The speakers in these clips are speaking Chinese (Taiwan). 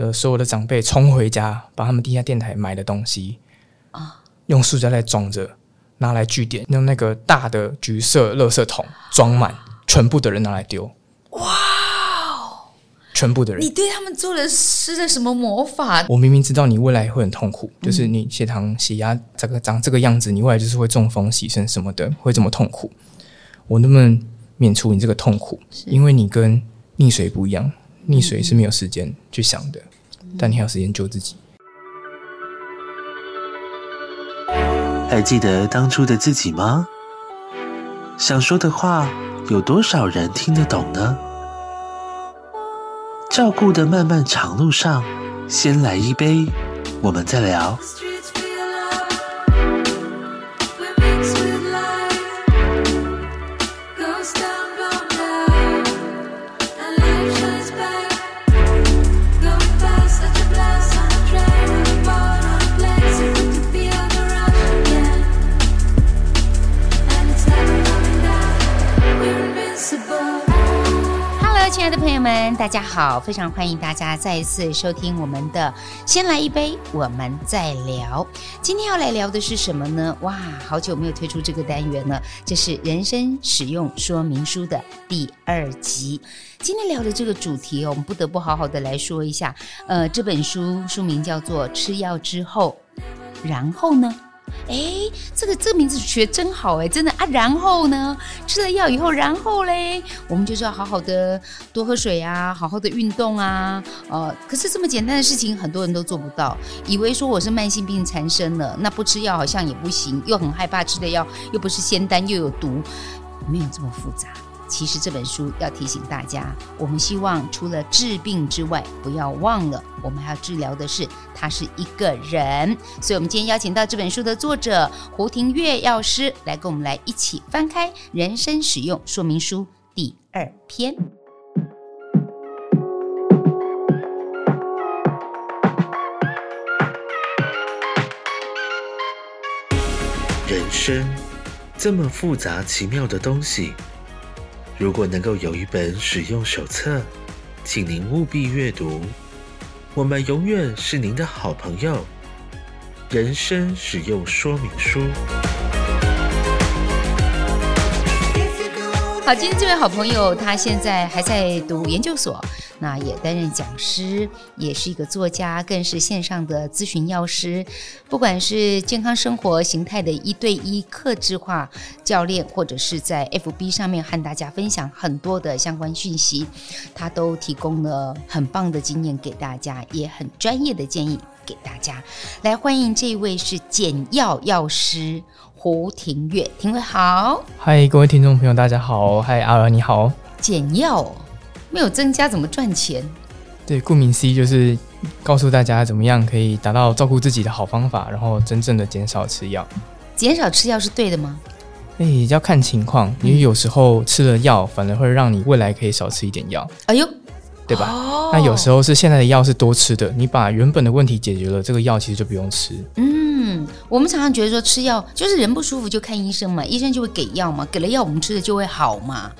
的所有的長輩衝回家，把他們地下電台買的東西啊，用塑膠袋裝着，拿來據點，用那個大的橘色垃圾桶裝滿，啊，全部的人拿來丟。哇、哦！全部的人，你對他們做了施了什麼魔法？我明明知道你未來會很痛苦，就是你血糖、血壓這個長這個樣子，你未來就是會中風、洗腎什麼的，會這麼痛苦。我能不能免除你這個痛苦？因為你跟溺水不一樣。溺水是沒有時間去想的，但你還有時間救自己。還記得當初的自己嗎？想說的話，有多少人聽得懂呢？照顧的漫漫長路上，先來一杯，我們再聊。們大家好，非常歡迎大家再一次收聽我們的《先來一杯，我們再聊》。今天要來聊的是什麼呢？哇，好久沒有推出這個單元了，這是《人生使用說明書》的第二集。今天聊的這個主題，我們不得不好好的來說一下。呃，這本書書名叫做《吃藥之後，然後呢》。哎，這個這個名字學真好哎，真的啊。然後呢，吃了藥以後，然後嘞，我們就是要好好的多喝水啊，好好的運動啊。呃，可是這麼簡單的事情，很多人都做不到。以為說我是慢性病纏身了，那不吃藥好像也不行，又很害怕吃的藥又不是仙丹又有毒，沒有這麼複雜。其實這本書要提醒大家，我們希望除了治病之外，不要忘了，我們還要治療的是他是一個人。所以，我們今天邀請到這本書的作者胡廷岳藥師來跟我們來一起翻開《人生使用說明書》第二篇。人生這麼複雜奇妙的東西。如果能夠有一本使用手冊，請您務必閱讀。我們永遠是您的好朋友。人生使用說明書。好，今天這位好朋友，他現在還在讀研究所，那也擔任講師，也是一個作家，更是線上的諮詢藥師。不管是健康生活形態的一對一客製化教練，或者是在 FB 上面和大家分享很多的相關訊息，他都提供了很棒的經驗給大家，也很專業的建議給大家。來，歡迎這位是減藥藥師。胡廷岳，廷岳好，嗨，各位聽眾朋友，大家好，嗨，阿娥你好。減藥、哦、沒有增加，怎麼賺錢？對，顧名思義就是告訴大家怎麼樣可以達到照顧自己的好方法，然後真正的減少吃藥。減少吃藥是對的嗎？哎、欸，要看情況、嗯，因為有時候吃了藥反而會讓你未來可以少吃一點藥。哎呦。對吧、哦？那有時候是現在的藥是多吃的，你把原本的問題解決了，這個藥其實就不用吃。嗯，我們常常覺得說吃藥就是人不舒服就看醫生嘛，醫生就會給藥嘛，給了藥我們吃的就會好嘛。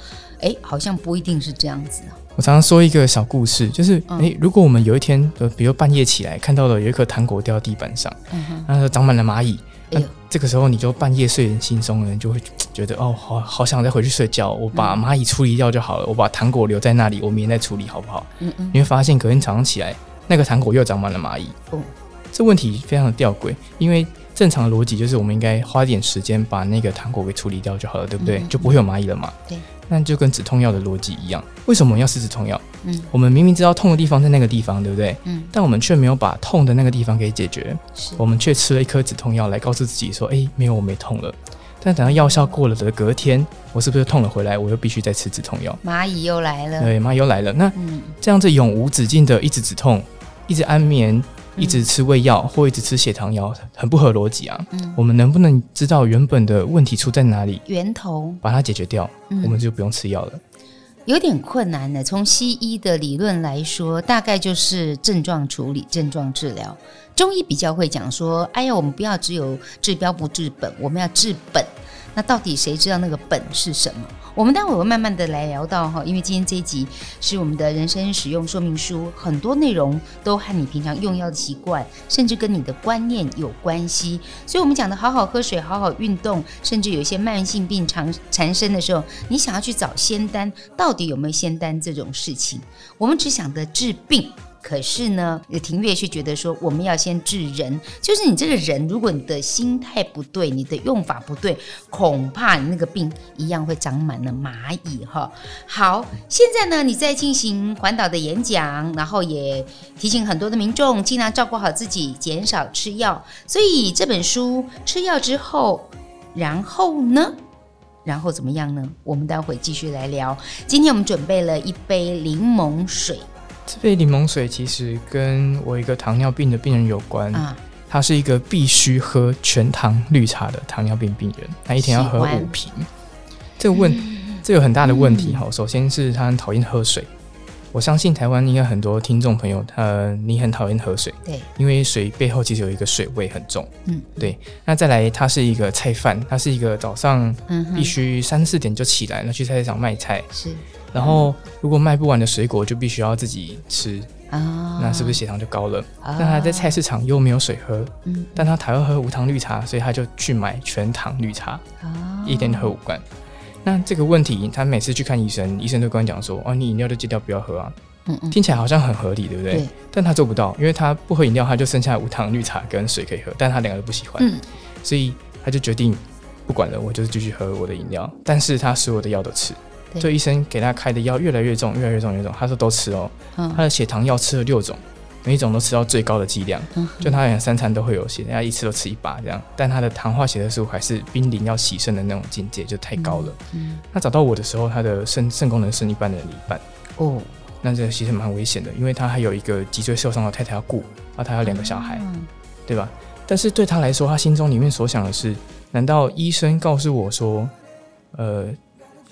哎，好像不一定是這樣子啊。我常常說一個小故事，就是哎、嗯，如果我們有一天，呃，比如半夜起來看到了有一顆糖果掉到地板上，嗯哼，那長滿了螞蟻。那這個時候，你就半夜睡得很輕鬆，人就會覺得哦，好好想再回去睡覺。我把螞蟻處理掉就好了，我把糖果留在那裡，我明天再處理，好不好？嗯嗯。你會發現，隔天早上起來，那個糖果又長滿了螞蟻。嗯。這問題非常的弔詭，因為正常的邏輯就是我們應該花一點時間把那個糖果給處理掉就好了，對不對？嗯嗯嗯。就不會有螞蟻了嘛。對。那就跟止痛藥的邏輯一樣，為什麼我們要吃止痛藥？嗯，我們明明知道痛的地方在那個地方，對不對？嗯，但我們卻沒有把痛的那個地方給解決，我們卻吃了一顆止痛藥來告訴自己說：“誒、欸，沒有，我沒痛了。”但等到藥效過了的隔天，我是不是又痛了回來？我又必須再吃止痛藥，螞蟻又來了。對，螞蟻又來了。那這樣子永無止境的一直止痛，一直安眠。一直吃胃藥或一直吃血糖藥，很不合邏輯啊、嗯。我們能不能知道原本的問題出在哪裡，源頭把它解決掉、嗯，我們就不用吃藥了。有點困難呢。從西醫的理論來說，大概就是症狀處理、症狀治療。中醫比較會講說：“哎呀，我們不要只有治標不治本，我們要治本。”那到底誰知道那個本是什麼？我們待會會慢慢的來聊到哈，因為今天這一集是我們的人生使用說明書，很多內容都和你平常用藥的習慣，甚至跟你的觀念有關係。所以我們講的好好喝水、好好運動，甚至有一些慢性病常纏身的時候，你想要去找仙丹，到底有沒有仙丹這種事情？我們只想着治病。可是呢，廷岳是覺得說，我們要先治人，就是你這個人，如果你的心態不對，你的用法不對，恐怕你那個病一樣會長滿了螞蟻哈。好，現在呢，你在進行環島的演講，然後也提醒很多的民眾，儘量照顧好自己，減少吃藥。所以這本書吃藥之後，然後呢，然後怎麼樣呢？我們待會繼續來聊。今天我們準備了一杯檸檬水。這杯檸檬水其實跟我一個糖尿病的病人有關。他、啊、是一個必須喝全糖綠茶的糖尿病病人，他一天要喝五瓶。這個問、嗯，這有很大的問題哈、哦嗯。首先是他很討厭喝水，我相信台灣應該很多聽眾朋友，呃，你很討厭喝水。對。因為水背後其實有一個水味很重。嗯。對。那再來，他是一個菜販，他是一個早上必須三四點就起來，那去菜市場賣菜。嗯、是。然後，如果賣不完的水果就必須要自己吃啊、哦，那是不是血糖就高了？那、哦、他在菜市場又沒有水喝，嗯、但他台灣喝無糖綠茶，所以他就去買全糖綠茶啊、哦，一天喝五罐。那這個問題，他每次去看醫生，醫生都跟我講說：“哦，你飲料都戒掉，不要喝啊。嗯嗯”聽起來好像很合理，對不對，對？但他做不到，因為他不喝飲料，他就剩下無糖綠茶跟水可以喝，但他兩個都不喜歡，嗯、所以他就決定不管了，我就繼續喝我的飲料，但是他所有的藥都吃。就醫生給他開的藥越來越重，越來越重，越來越重。他說都吃哦，他的血糖藥吃了六種，每一種都吃到最高的劑量、嗯。就他三餐都會有血他一次都吃一把這樣。但他的糖化血色素還是瀕臨要洗腎的那種境界，就太高了。嗯嗯、他找到我的時候，他的腎腎功能是一半的另一半。哦，那這其實蠻危險的，因為他還有一個脊椎受傷的太太要顧，啊，他還有兩個小孩、嗯，對吧？但是對他來說，他心中裡面所想的是：難道醫生告訴我說，呃？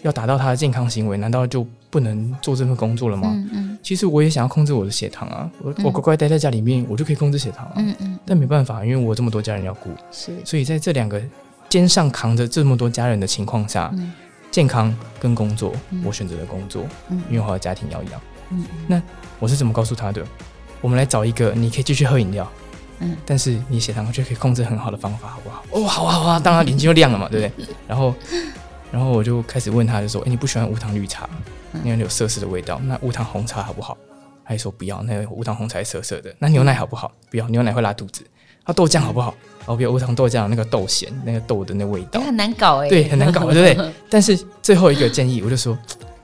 要達到他的健康行為，難道就不能做這份工作了嗎？嗯嗯、其實我也想要控制我的血糖啊，我我乖乖待在家裡面、嗯，我就可以控制血糖啊。嗯嗯、但沒辦法，因為我這麼多家人要顧，是、所以在這兩個肩上扛着這麼多家人的情況下、嗯，健康跟工作，嗯、我選擇的工作、嗯，因為我的家庭要養、嗯嗯。那我是怎麼告訴他的？我們來找一個你可以繼續喝飲料、嗯，但是你血糖卻可以控制很好的方法，好不好？嗯、哦，好啊好啊，當然眼睛就亮了嘛，嗯、對不、嗯、對？然後。然後我就開始問他，就說、欸：“你不喜歡無糖綠茶，因為有澀澀的味道。那無糖紅茶好不好？”他說：“不要，那個、無糖紅茶澀澀的。那牛奶好不好？不要，牛奶會拉肚子。那、啊、豆漿好不好？哦、啊，不要，無糖豆漿那個豆鹹，那個豆的那味道、欸、很難搞，哎、欸。對，很難搞，對 不對？但是最後一個建議，我就說，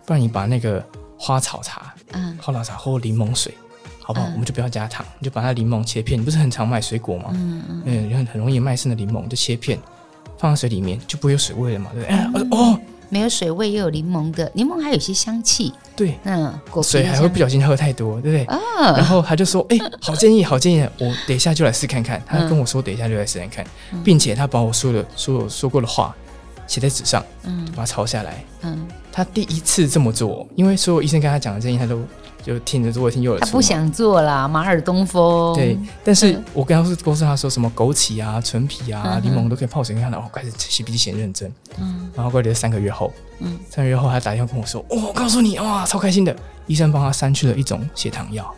不然你把那個花草茶、花草茶或檸檬水，好不好、嗯？我們就不要加糖，你就把那檸檬切片。你不是很常賣水果嗎？嗯嗯，很很容易賣剩的檸檬就切片。”放在水裡面就不會有水味了嘛，對不對、嗯？哦，沒有水味又有檸檬的，檸檬還有一些香氣。對，嗯，那果水還會不小心喝太多，對不對？啊、哦，然後他就說：“哎、欸，好建議，好建議，我等一下就來試看看。嗯”他跟我說：“等一下就來試看，看，看、嗯。」並且他把我說的所有說過的話寫在紙上，嗯，把它抄下來，嗯。”他第一次這麼做，因為所有醫生跟他講的建議，他都。就聽着，如果聽右耳，他不想做啦，馬耳東風。對 但是我跟他說，告訴他說什麼枸杞啊、陳皮啊、檸 檬都可以泡水喝的。哦，開始寫筆記，寫認真。嗯，然後過了三個月後，嗯，三個月後，他打電話跟我說：“哦、我告訴你，哇，超開心的，醫生幫他刪去了一種血糖藥，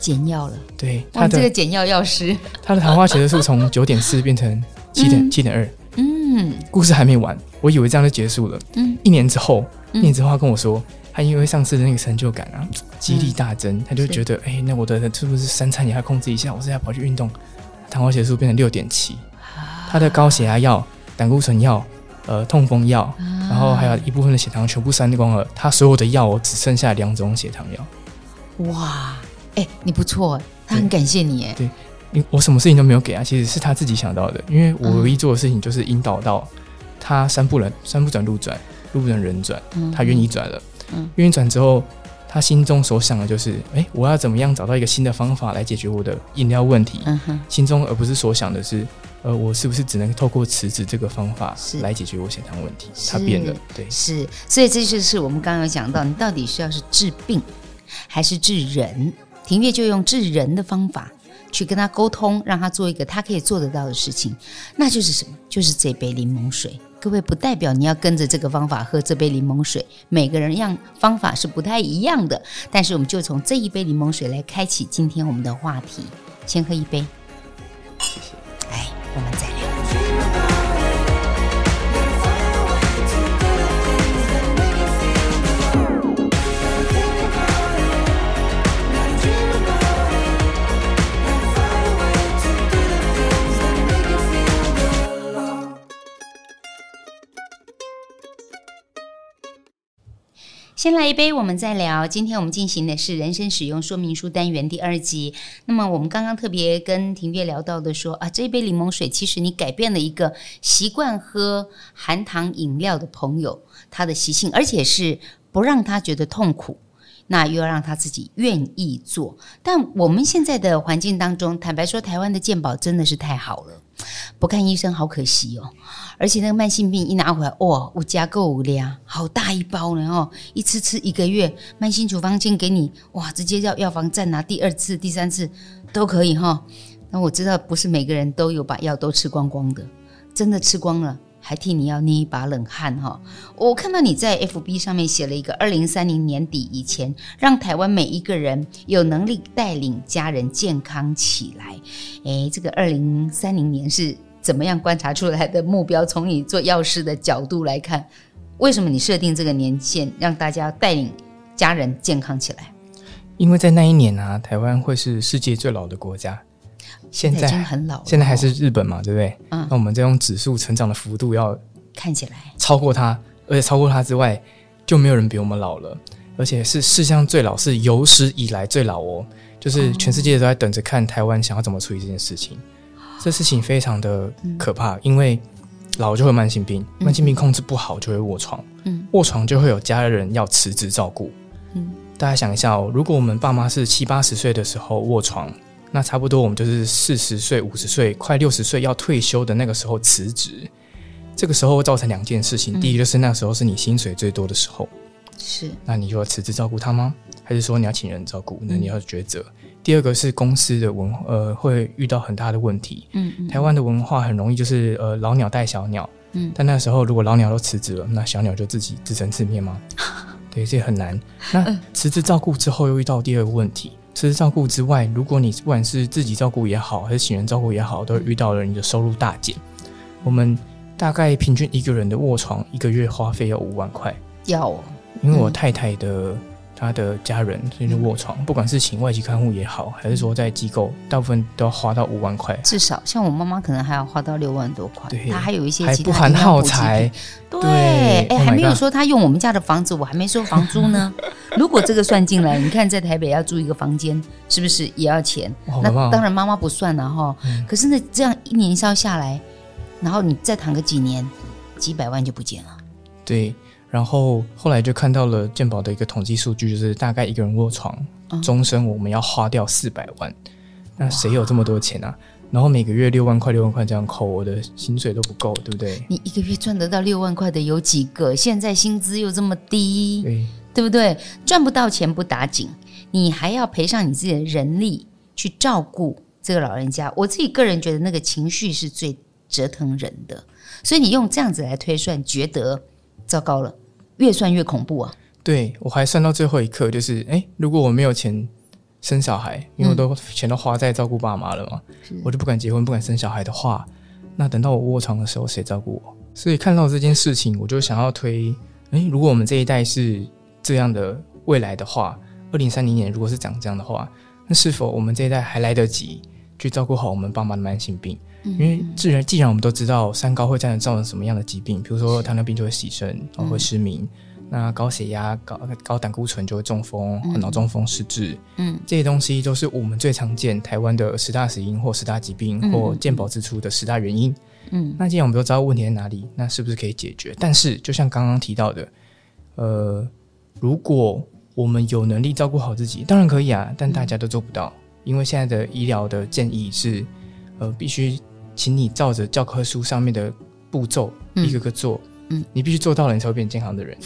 減藥了。”對，他的這個減藥藥師，他的糖化血色素從九點四變成七點七點二。嗯，故事還沒完，我以為這樣就結束了。嗯，一年之後，一年之後，他跟我說。因為上次的那個成就感啊，激勵大增、嗯，他就覺得，哎、欸，那我的是不是三餐也要控制一下？我要跑去運動，糖化血素變成六點七，他的高血壓藥、膽固醇藥、呃，痛風藥、啊，然後還有一部分的血糖，全部刪光了。他所有的藥，我只剩下兩種血糖藥。哇，哎、欸，你不錯，他很感謝你，哎，對你，我什麼事情都沒有給啊，其實是他自己想到的。因為我唯一做的事情就是引導到他山不轉、嗯，山不轉路轉，路不轉人轉、嗯，他願意轉了。嗯、運轉之後，他心中所想的就是：哎、欸，我要怎麼樣找到一個新的方法來解決我的飲料問題、嗯哼？心中而不是所想的是，呃，我是不是只能透過辭職這個方法來解決我血糖問題？他變了，對，是，所以這就是我們剛剛有講到，你到底需要是治病還是治人？廷岳就用治人的方法去跟他溝通，讓他做一個他可以做得到的事情，那就是什麼？就是這杯檸檬水。各位，不代表你要跟着這個方法喝這杯檸檬水，每個人樣方法是不太一樣的。但是，我們就從這一杯檸檬水來開啟今天我們的話題，先喝一杯。謝謝，哎，我們再聊。先來一杯，我們再聊。今天我們進行的是人生使用說明書單元第二集。那麼我們剛剛特別跟廷岳聊到的說啊，這一杯檸檬水，其實你改變了一個習慣喝含糖飲料的朋友他的習性，而且是不讓他覺得痛苦，那又要讓他自己願意做。但我們現在的環境當中，坦白說，台灣的健保真的是太好了。不看醫生好可惜哦，而且那個慢性病一拿回來，哇，我家購物量，好大一包呢哈、哦，一次吃，吃一個月，慢性處方箋給你，哇，直接叫藥房再拿第二次、第三次都可以哈、哦。那我知道不是每個人都有把藥都吃光光的，真的吃光了。還替你要捏一把冷汗哈、哦！我看到你在 FB 上面寫了一個二零三零年底以前，讓台灣每一個人有能力帶領家人健康起來。誒，這個二零三零年是怎麼樣觀察出來的目標？從你做藥師的角度來看，為什麼你設定這個年限，讓大家帶領家人健康起來？因為在那一年啊，台灣會是世界最老的國家。現在，現在很老，哦，現在還是日本嘛，對不對？嗯，那我們這種指數成長的幅度要看起來超過它，而且超過它之外就沒有人比我們老了，而且是世界上最老，是有史以來最老哦。就是全世界都在等着看台灣想要怎麼處理這件事情，哦，這事情非常的可怕，嗯，因為老就會慢性病，嗯，慢性病控制不好就會臥床，嗯，臥床就會有家人要辭職照顧，嗯，大家想一下哦，如果我們爸媽是七八十歲的時候臥床。那差不多，我們就是四十歲、五十歲、快六十歲要退休的那個時候辭職。這個時候會造成兩件事情：嗯、第一，就是那時候是你薪水最多的時候，是。那你就要辭職照顧他嗎？還是說你要請人照顧？那你要抉擇、嗯。第二個是公司的文，呃，會遇到很大的問題。嗯，嗯。台灣的文化很容易就是呃老鳥帶小鳥。嗯。但那個時候如果老鳥都辭職了，那小鳥就自己自生自滅嗎？ 對，這很難。那辭職照顧之後，又遇到第二個問題。是照顧之外，如果你不管是自己照顧也好，還是請人照顧也好，都遇到了你的收入大減。我們大概平均一個人的臥床一個月花費要五萬塊，要、嗯。因為我太太的。他的家人所以就臥、是、床，不管是請外籍看護也好，還是說在機構，大部分都要花到五萬塊，至少像我媽媽可能還要花到六萬多塊。她還有一些其還不含耗材對，哎、欸 oh，還沒有說他用我們家的房子，我還沒收房租呢。 如果這個算進來，你看在台北要住一個房間，是不是也要錢？那當然媽媽不算了哈、嗯。可是呢，這樣一年燒下來，然後你再躺個幾年，幾百萬就不見了。對。然後後來就看到了健保的一個統計數據，就是大概一個人臥床，終身我們要花掉四百萬。那誰有這麼多錢啊？然後每個月六萬塊，六萬塊這樣扣，我的薪水都不夠，對不對？你一個月賺得到六萬塊的有幾個？現在薪資又這麼低，對不對？賺不到錢不打緊，你還要賠上你自己的人力去照顧這個老人家。我自己個人覺得，那個情緒是最折騰人的。所以你用這樣子來推算，覺得糟糕了。越算越恐怖啊！對，我還算到最後一刻，就是誒、欸，如果我沒有錢生小孩，因為我都、嗯、錢都花在照顧爸媽了嘛，我就不敢結婚，不敢生小孩的話，那等到我臥床的時候，誰照顧我？所以看到這件事情，我就想要推，誒、欸，如果我們這一代是這樣的未來的話，二零三零年如果是長這樣的話，那是否我們這一代還來得及去照顧好我們爸媽的慢性病？因為既然既然我們都知道三高會在造成什麼樣的疾病，比如說糖尿病就會洗腎，然後會失明；嗯、那高血壓、高高膽固醇就會中風、腦中風失智。嗯。嗯，這些東西都是我們最常見台灣的十大死因或十大疾病或健保支出的十大原因。嗯。嗯，那既然我們都知道問題在哪裡，那是不是可以解決？但是就像剛剛提到的，呃，如果我們有能力照顧好自己，當然可以啊，但大家都做不到，嗯、因為現在的醫療的建議是，呃，必須。請你照着教科書上面的步驟，一個個做。嗯、你必須做到了，你才會變得健康的人。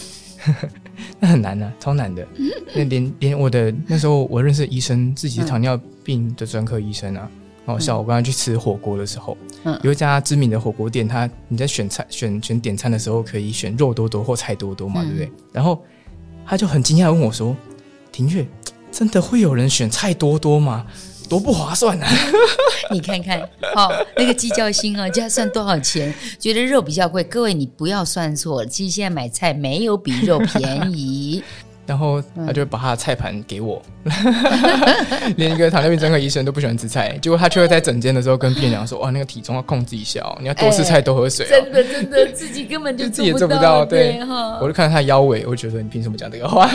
那很難啊超難的。那連連我的那時候，我認識醫生，自己糖尿病的專科醫生啊。嗯、哦，像我剛剛去吃火鍋的時候、嗯，有一家知名的火鍋店，他你在選菜、選選點餐的時候，可以選肉多多或菜多多嘛，嗯、對不對？然後他就很驚訝地問我說：“廷岳，真的會有人選菜多多嗎？”多不划算啊， 你看看，好、哦、那個計較心啊，就要算多少錢，覺得肉比較貴。各位，你不要算錯了，其實現在買菜沒有比肉便宜。 然後他就把他的菜盤給我，嗯， 連一個糖尿病專科醫生都不喜歡吃菜，結果他卻會在診間的時候跟病人講說：“哇，那個體重要控制一下，喔，你要多吃菜，多喝水。”真的真的，自己根本就自己也做不到。對，我就看到他腰圍，我覺得你憑什麼講這個話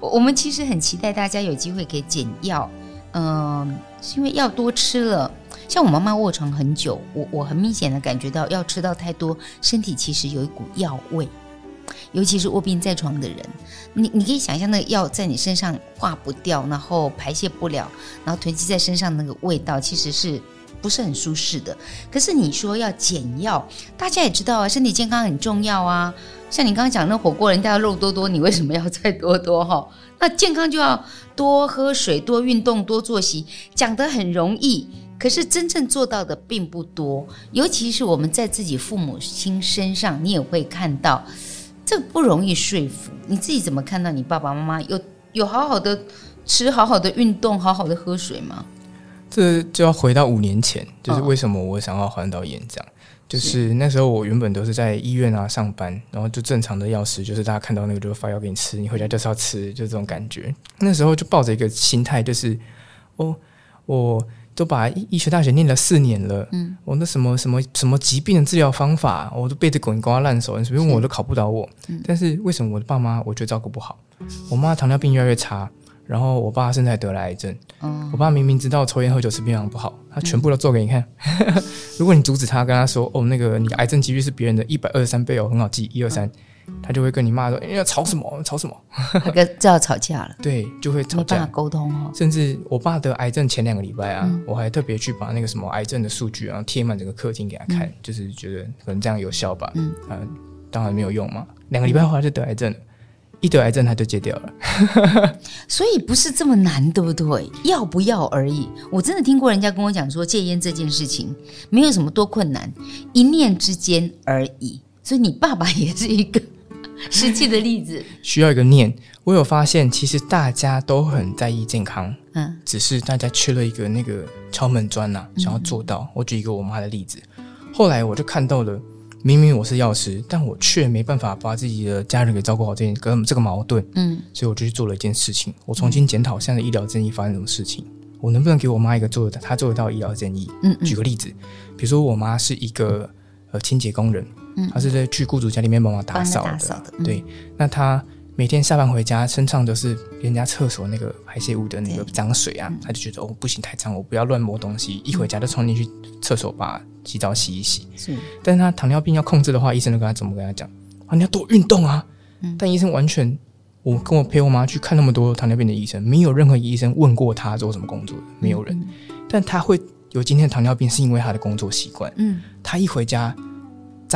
我們其實很期待大家有機會可以減藥，嗯，是因為藥多吃了，像我媽媽臥床很久，我我很明顯的感覺到藥吃到太多，身體其實有一股藥味。尤其是臥病在床的人，你你可以想象那個藥在你身上化不掉，然後排泄不了，然後囤積在身上那個味道，其實是不是很舒適的。可是你說要減藥，大家也知道啊，身體健康很重要啊。像你剛剛講那火鍋人，人家要肉多多，你為什麼要菜多多哈？那健康就要多喝水、多運動、多作息。講得很容易，可是真正做到的並不多。尤其是我們在自己父母親身上，你也會看到。這不容易說服。你自己怎麼看到你爸爸媽媽有有好好的吃、好好的運動、好好的喝水嗎？這就要回到五年前，就是為什麼我想要環島演講，哦、就是那時候我原本都是在醫院啊上班，然後就正常的藥師，就是大家看到那個就會發藥給你吃，你回家就是要吃，就這種感覺。那時候就抱着一個心態，就是哦，我。都把醫學大學念了四年了，我、嗯哦、那什麼什麼什麼疾病的治療方法，我都背得滾瓜爛熟，所以我，我都考不倒我、嗯。但是為什麼我的爸媽我覺得照顧不好？我媽糖尿病越來越差，然後我爸現在得了癌症、嗯。我爸明明知道抽煙、喝酒、吃檳榔不好，他全部都做給你看。嗯、 如果你阻止他，跟他說：“哦，那個你的癌症幾率是別人的一百二十三倍哦，很好記，一二三。嗯”他就會跟你罵說：“哎、欸，要吵什麼？吵什麼？”，跟 就要吵架了。對，就會吵架，溝通哦。甚至我爸得癌症前兩個禮拜啊、嗯，我還特別去把那個什麼癌症的數據然後貼滿整個客廳給他看、嗯，就是覺得可能這樣有效吧。嗯，啊、當然沒有用嘛。兩個禮拜後來就得癌症、嗯，一得癌症他就戒掉了。 所以不是這麼難，對不對？要不要而已。我真的聽過人家跟我講說，戒菸這件事情沒有什麼多困難，一念之間而已。所以你爸爸也是一個。實際的例子，需要一個念。我有發現，其實大家都很在意健康，嗯，只是大家缺了一個那個敲門磚吶、啊，想要做到嗯嗯。我舉一個我媽的例子，後來我就看到了，明明我是藥師，但我卻沒辦法把自己的家人給照顧好這，這件這個矛盾，嗯，所以我就去做了一件事情，我重新檢討現在醫療正義發生什麼事情，我能不能給我媽一個做的她做得的到的醫療正義？嗯，嗯，舉個例子，比如說我媽是一個呃清潔工人。嗯、他是在去雇主家裡面幫忙打掃的，打的，嗯，對。那他每天下班回家，身上都是人家廁所那個排泄物的那個髒水啊，他就覺得、嗯、哦不行太髒，我不要亂摸東西、嗯。一回家就衝進去廁所把洗澡洗一洗。但是他糖尿病要控制的話，醫生就跟他怎麼跟他講啊？你要多運動啊、嗯！但醫生完全，我跟我陪我媽去看那麼多糖尿病的醫生，沒有任何醫生問過他做什麼工作的，沒有人、嗯。但他會有今天的糖尿病，是因為他的工作習慣。嗯，他一回家。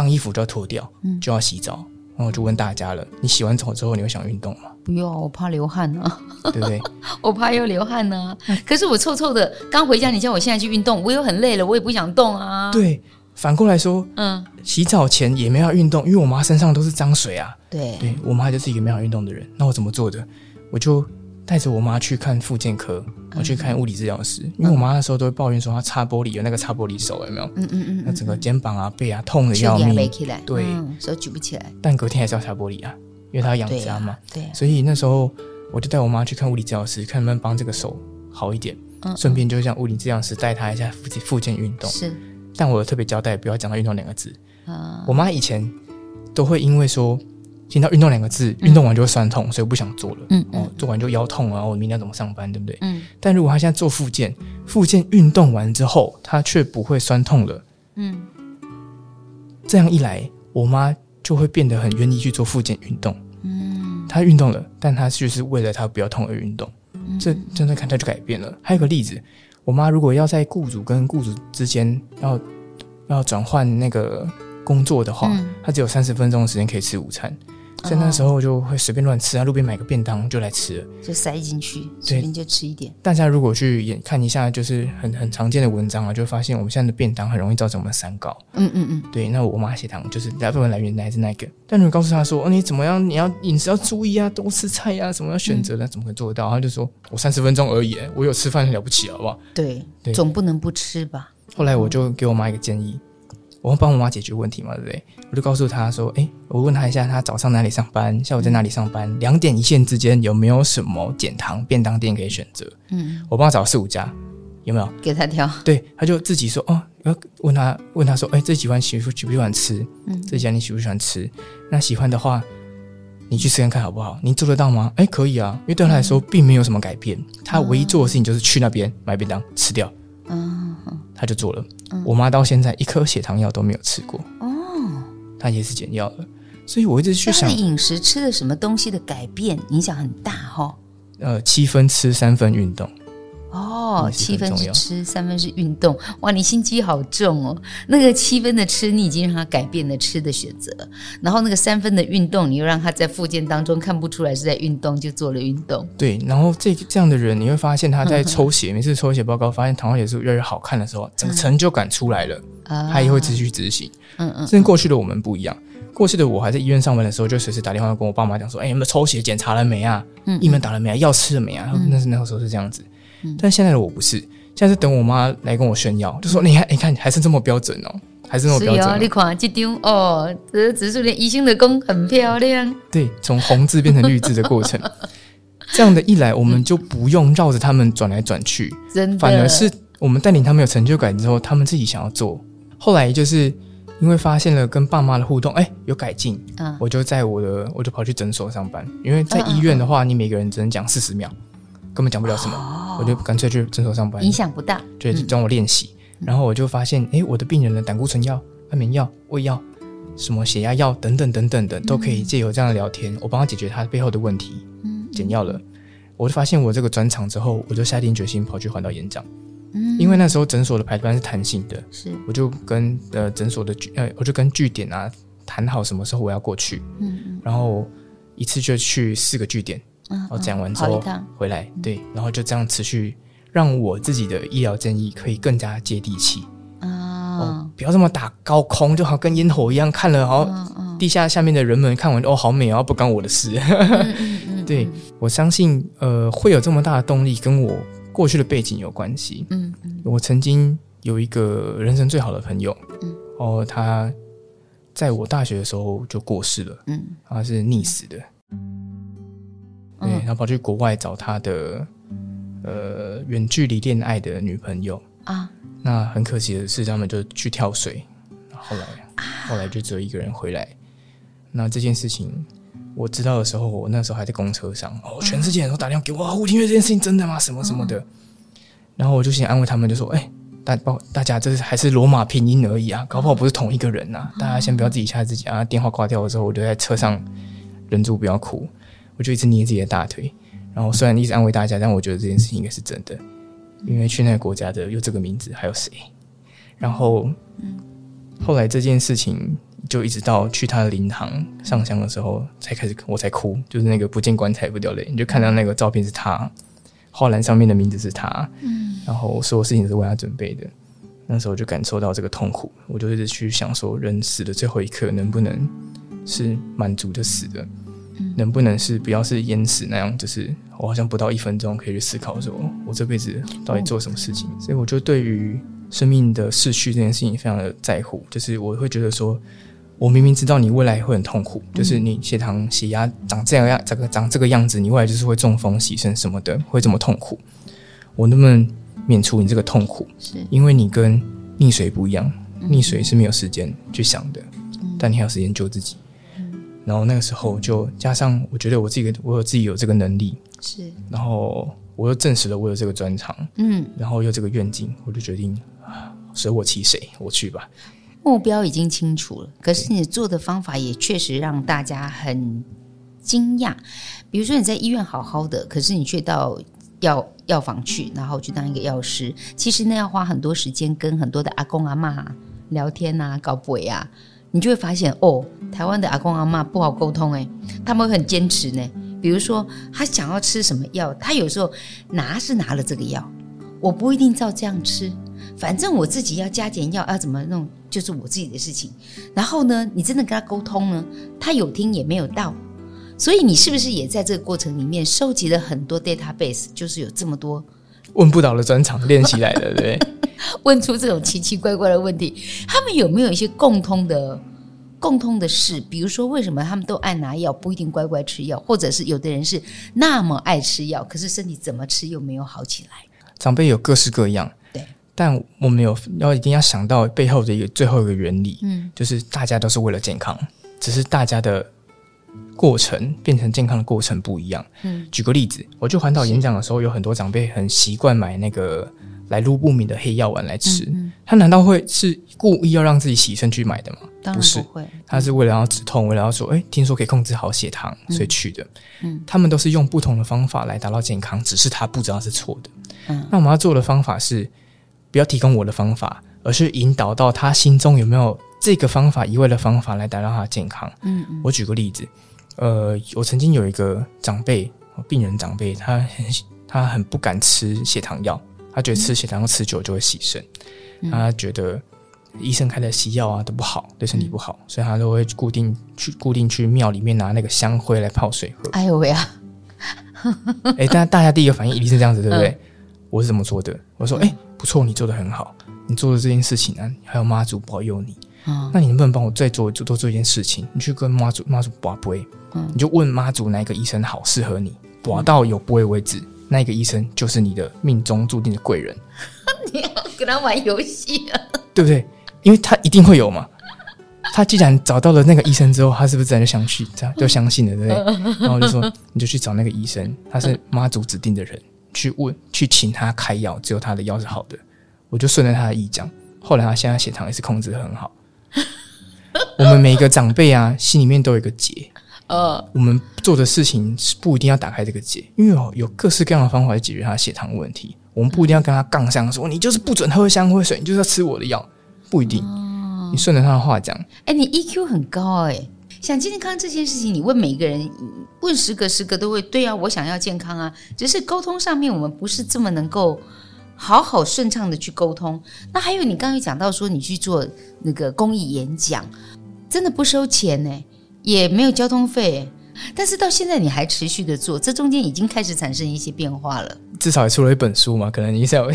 髒衣服就要脫掉，就要洗澡。然後，嗯，我就問大家了：你洗完澡之後，你會想運動嗎？不用，我怕流汗啊，對不對？我怕又流汗呢、啊。可是我臭臭的，剛回家，你叫我現在去運動，我又很累了，我也不想動啊。對，反過來說，嗯，洗澡前也沒法運動，因為我媽身上都是髒水啊。對，對我媽就是一個沒法運動的人。那我怎麼做的？我就。帶着我媽去看復健科，我去看物理治療師、嗯，因為我媽那時候都會抱怨說她擦玻璃有那個擦玻璃手有沒有？嗯嗯嗯，那整個肩膀啊背，啊痛的要命，手、啊、起來。對，嗯、手舉不起來。但隔天還是要擦玻璃啊，因為她要養家、啊、嘛。對、啊對啊。所以那時候我就帶我媽去看物理治療師，看能不能幫這個手好一點，順、嗯、便就像物理治療師帶她一下復健運動。是。但我有特別交代，不要講到運動兩個字。啊、嗯。我媽以前都會因為說。聽到“運動”兩個字，運動完就會酸痛，嗯、所以我不想做了。嗯，嗯哦、做完就腰痛啊！我明天要怎麼上班，對不對？嗯。但如果他現在做復健，復健運動完之後，他卻不會酸痛了。嗯。這樣一來，我媽就會變得很願意去做復健運動。嗯。她運動了，但她就是為了她不要痛而運動、嗯。這真的看，他就改變了。還有個例子，我媽如果要在雇主跟雇主之間要要轉換那個工作的話，她、嗯、只有三十分鐘的時間可以吃午餐。在那時候，我就會隨便亂吃啊，路邊買個便當就來吃了，就塞進去，隨便就吃一點。大家如果去演看一下，就是很很常見的文章啊，就會發現我們現在的便當很容易造成我們三高。嗯嗯嗯，對。那我媽血糖就是大部分來源來自那個，但你會告訴她說哦，你怎麼樣？你要飲食要注意啊，多吃菜呀、啊，什麼要選擇的、嗯，怎麼可能做得到？她就說，我三十分鐘而已，我有吃飯很了不起，好不好？對，對，總不能不吃吧。後來我就給我媽一個建議。嗯我會幫我媽解決問題嘛，對不對？我就告訴她說：“哎、欸，我問她一下，她早上哪裡上班，下午在哪裡上班？兩點一線之間有沒有什麼減糖便當店可以選擇？”嗯，我幫她找了四五家，有沒有給她挑？對，她就自己說：“哦，要問她，問她說：‘哎、欸，這幾家喜不喜不喜歡吃？’嗯，這家你喜不喜歡吃？那喜歡的話，你去試看看好不好？你做得到嗎？哎、欸，可以啊，因為對她來說並沒有什麼改變，嗯、她唯一做的事情就是去那邊買便當吃掉。”嗯。他就做了，嗯，我媽到現在一顆血糖藥都沒有吃過哦，他也是減藥了，所以我一直去想飲食吃的什麼東西的改變影響很大哈、哦，呃，七分吃三分運動。哦，七分是,是吃，三分是運動。哇，你心機好重哦！那個七分的吃，你已經讓他改變了吃的選擇；然後那個三分的運動，你又讓他在復健當中看不出來是在運動，就做了運動。對，然後這這樣的人，你會發現他在抽血，嗯、每次抽血報告發現糖化血素越來越好看的時候，整個成就感出來了，啊、他也會持續執行。嗯嗯,嗯，跟過去的我們不一樣。過去的我還在醫院上班的時候，就隨時打電話跟我爸媽講說：“哎、欸，你們抽血檢查了沒啊？疫嗯苗嗯嗯打了沒啊？藥吃了沒啊？”嗯嗯那是那個時候是這樣子。但現在的我不是，現在是等我媽來跟我炫耀，就說，你看，你、欸、看，還是這麼標準哦、喔，還是那麼標準、喔哦。你看這張哦，這只是連醫生的功很漂亮。對，從紅字變成綠字的過程， 這樣的一來，我們就不用繞着他們轉來轉去、嗯，反而是我們帶領他們有成就感之後，他們自己想要做。後來就是因為發現了跟爸媽的互動，哎、欸，有改進、嗯，我就在我的，我就跑去診所上班，因為在醫院的話，啊啊啊你每個人只能講四十秒。根本講不了什麼，哦、我就乾脆去診所上班，影響不大，就讓我練習、嗯，然後我就發現，哎、欸，我的病人的膽固醇藥、安眠藥、胃藥、什麼血壓藥等等等等的，都可以借由這樣的聊天，嗯、我幫他解決他背後的問題。嗯，減藥了，嗯、我就發現我這個專長之後，我就下定決心跑去環島演講。嗯，因為那時候診所的排班是彈性的，是，我就跟呃診所的呃，我就跟據點啊談好什麼時候我要過去。嗯，然後一次就去四個據點。然後講完之後回來，對、嗯，然後就這樣持續，讓我自己的醫療建議可以更加接地氣哦，哦，不要這麼打高空，就好像跟煙火一樣，看了好地下下面的人們看完、嗯、哦，好美，哦，好美哦，不關我的事、 嗯嗯嗯。對，我相信呃會有這麼大的動力，跟我過去的背景有關係。嗯，嗯我曾經有一個人生最好的朋友，嗯，哦，他在我大學的時候就過世了，嗯，他是溺死的。對，然後跑去國外找他的、嗯、呃遠距離戀愛的女朋友啊。那很可惜的是，他們就去跳水，然後,後來、啊、後來就只有一個人回來。那這件事情我知道的時候，我那時候還在公車上，哦，全世界人都打電話給我，嗯哦、我聽，因這件事情真的嗎？什麼什麼的。嗯、然後我就先安慰他們，就說：“哎、欸，大包大家這是還是羅馬拼音而已啊，搞不好不是同一個人吶、啊嗯。大家先不要自己嚇自己啊。”電話掛掉了之後，我就在車上忍住不要哭。我就一直捏自己的大腿，然後雖然一直安慰大家，但我覺得這件事情應該是真的，因為去那個國家的有這個名字還有誰？然後，後來這件事情就一直到去他的靈堂上香的時候才開始，我才哭，就是那個不見棺材不掉淚，你就看到那個照片是他，花籃上面的名字是他，嗯，然後所有事情都是為他準備的，那時候就感受到這個痛苦，我就是去想說，人死的最後一刻能不能是滿足的死的。能不能是不要是淹死那樣？就是我好像不到一分鐘可以去思考說，我這輩子到底做什麼事情？所以，我就對於生命的逝去這件事情非常的在乎。就是我會覺得說，我明明知道你未來會很痛苦，就是你血糖、血壓長這個樣、這個、長這個樣子，你未來就是會中風、洗腎什麼的，會這麼痛苦。我能不能免除你這個痛苦？因為你跟溺水不一樣，溺水是沒有時間去想的，但你還有時間救自己。然後那個時候就加上，我覺得我自己我有自己有這個能力是，然後我又證實了我有這個專長，嗯，然後有這個願景，我就決定捨我其誰，我去吧。目標已經清楚了，可是你做的方法也確實讓大家很驚訝。比如說你在醫院好好的，可是你卻到藥藥房去，然後去當一個藥師，其實那要花很多時間跟很多的阿公阿媽聊天啊，搞鬼啊你就會發現，哦，台灣的阿公阿媽不好溝通，哎，他們很堅持呢。比如說，他想要吃什麼藥，他有時候拿是拿了這個藥，我不一定照這樣吃，反正我自己要加減藥要怎麼弄，就是我自己的事情。然後呢，你真的跟他溝通呢，他有聽也沒有到，所以你是不是也在這個過程裡面收集了很多 database？就是有這麼多。問不倒的專場練習來的，對不對？ 問出這種奇奇怪怪的問題，他們有沒有一些共通的、共通的事？比如說，為什麼他們都愛拿藥，不一定乖乖吃藥，或者是有的人是那麼愛吃藥，可是身體怎麼吃又沒有好起來？長輩有各式各樣，對，但我們有要一定要想到背後的一個最後一個原理，嗯，就是大家都是為了健康，只是大家的。過程變成健康的過程不一樣。嗯、舉個例子，我去環島演講的時候，有很多長輩很習慣買那個來路不明的黑藥丸來吃、嗯嗯。他難道會是故意要讓自己洗腎去買的嗎？當然不會，嗯、他是為了要止痛，為了要說，誒、欸，聽說可以控制好血糖，所以去的。嗯嗯、他們都是用不同的方法來達到健康，只是他不知道是錯的、嗯。那我們要做的方法是，不要提供我的方法，而是引導到他心中有沒有。這個方法以外的方法來達到他的健康。嗯，嗯，我舉個例子，呃，我曾經有一個長輩，病人長輩，他很他很不敢吃血糖藥，他覺得吃血糖藥吃久就會洗腎、嗯。他覺得醫生開的西藥啊都不好，對身體不好，嗯、所以他都會固定去固定去廟裡面拿那個香灰來泡水喝。哎呦喂啊！哎， 大家大家第一個反應一定是這樣子，對不對、嗯？我是怎麼做的，我說，哎，不錯，你做的很好，你做的這件事情啊，還有媽祖保佑你。那你能不能幫我再做做做做一件事情？你去跟媽祖媽祖拔杯、嗯，你就問媽祖哪一個醫生好適合你，拔到有杯為止、嗯，那一個醫生就是你的命中注定的貴人。你要跟他玩遊戲、啊，對不對？因為他一定會有嘛。他既然找到了那個醫生之後，他是不是自然就想去？就相信了，對不對？嗯、然後我就說，你就去找那個醫生，他是媽祖指定的人，去問去請他開藥，只有他的藥是好的。我就順着他的意講，後來他現在血糖也是控制得很好。 我們每一個長輩啊，心裡面都有一個結。呃、哦，我們做的事情是不一定要打開這個結，因為有各式各樣的方法來解決他的血糖問題。我們不一定要跟他槓上說，說你就是不准喝香灰水，你就是要吃我的藥，不一定。哦、你順着他的話講。哎、欸，你 EQ 很高哎、欸，想健康這件事情，你問每一個人，問十個十個都會。對啊，我想要健康啊，只是溝通上面我們不是這麼能夠。好好順暢的去溝通。那還有你剛剛講到說，你去做那個公益演講，真的不收錢呢，也沒有交通費，但是到現在你還持續的做，這中間已經開始產生一些變化了。至少也出了一本書嘛，可能你是有 ，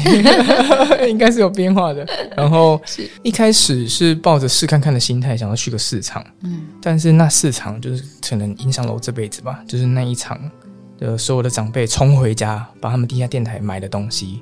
應該是有變化的。然後一開始是抱着試看看的心態，想要去個市場，嗯，但是那市場就是可能影響了我這輩子吧，就是那一場的所有的長輩衝回家，把他們地下電台買的東西。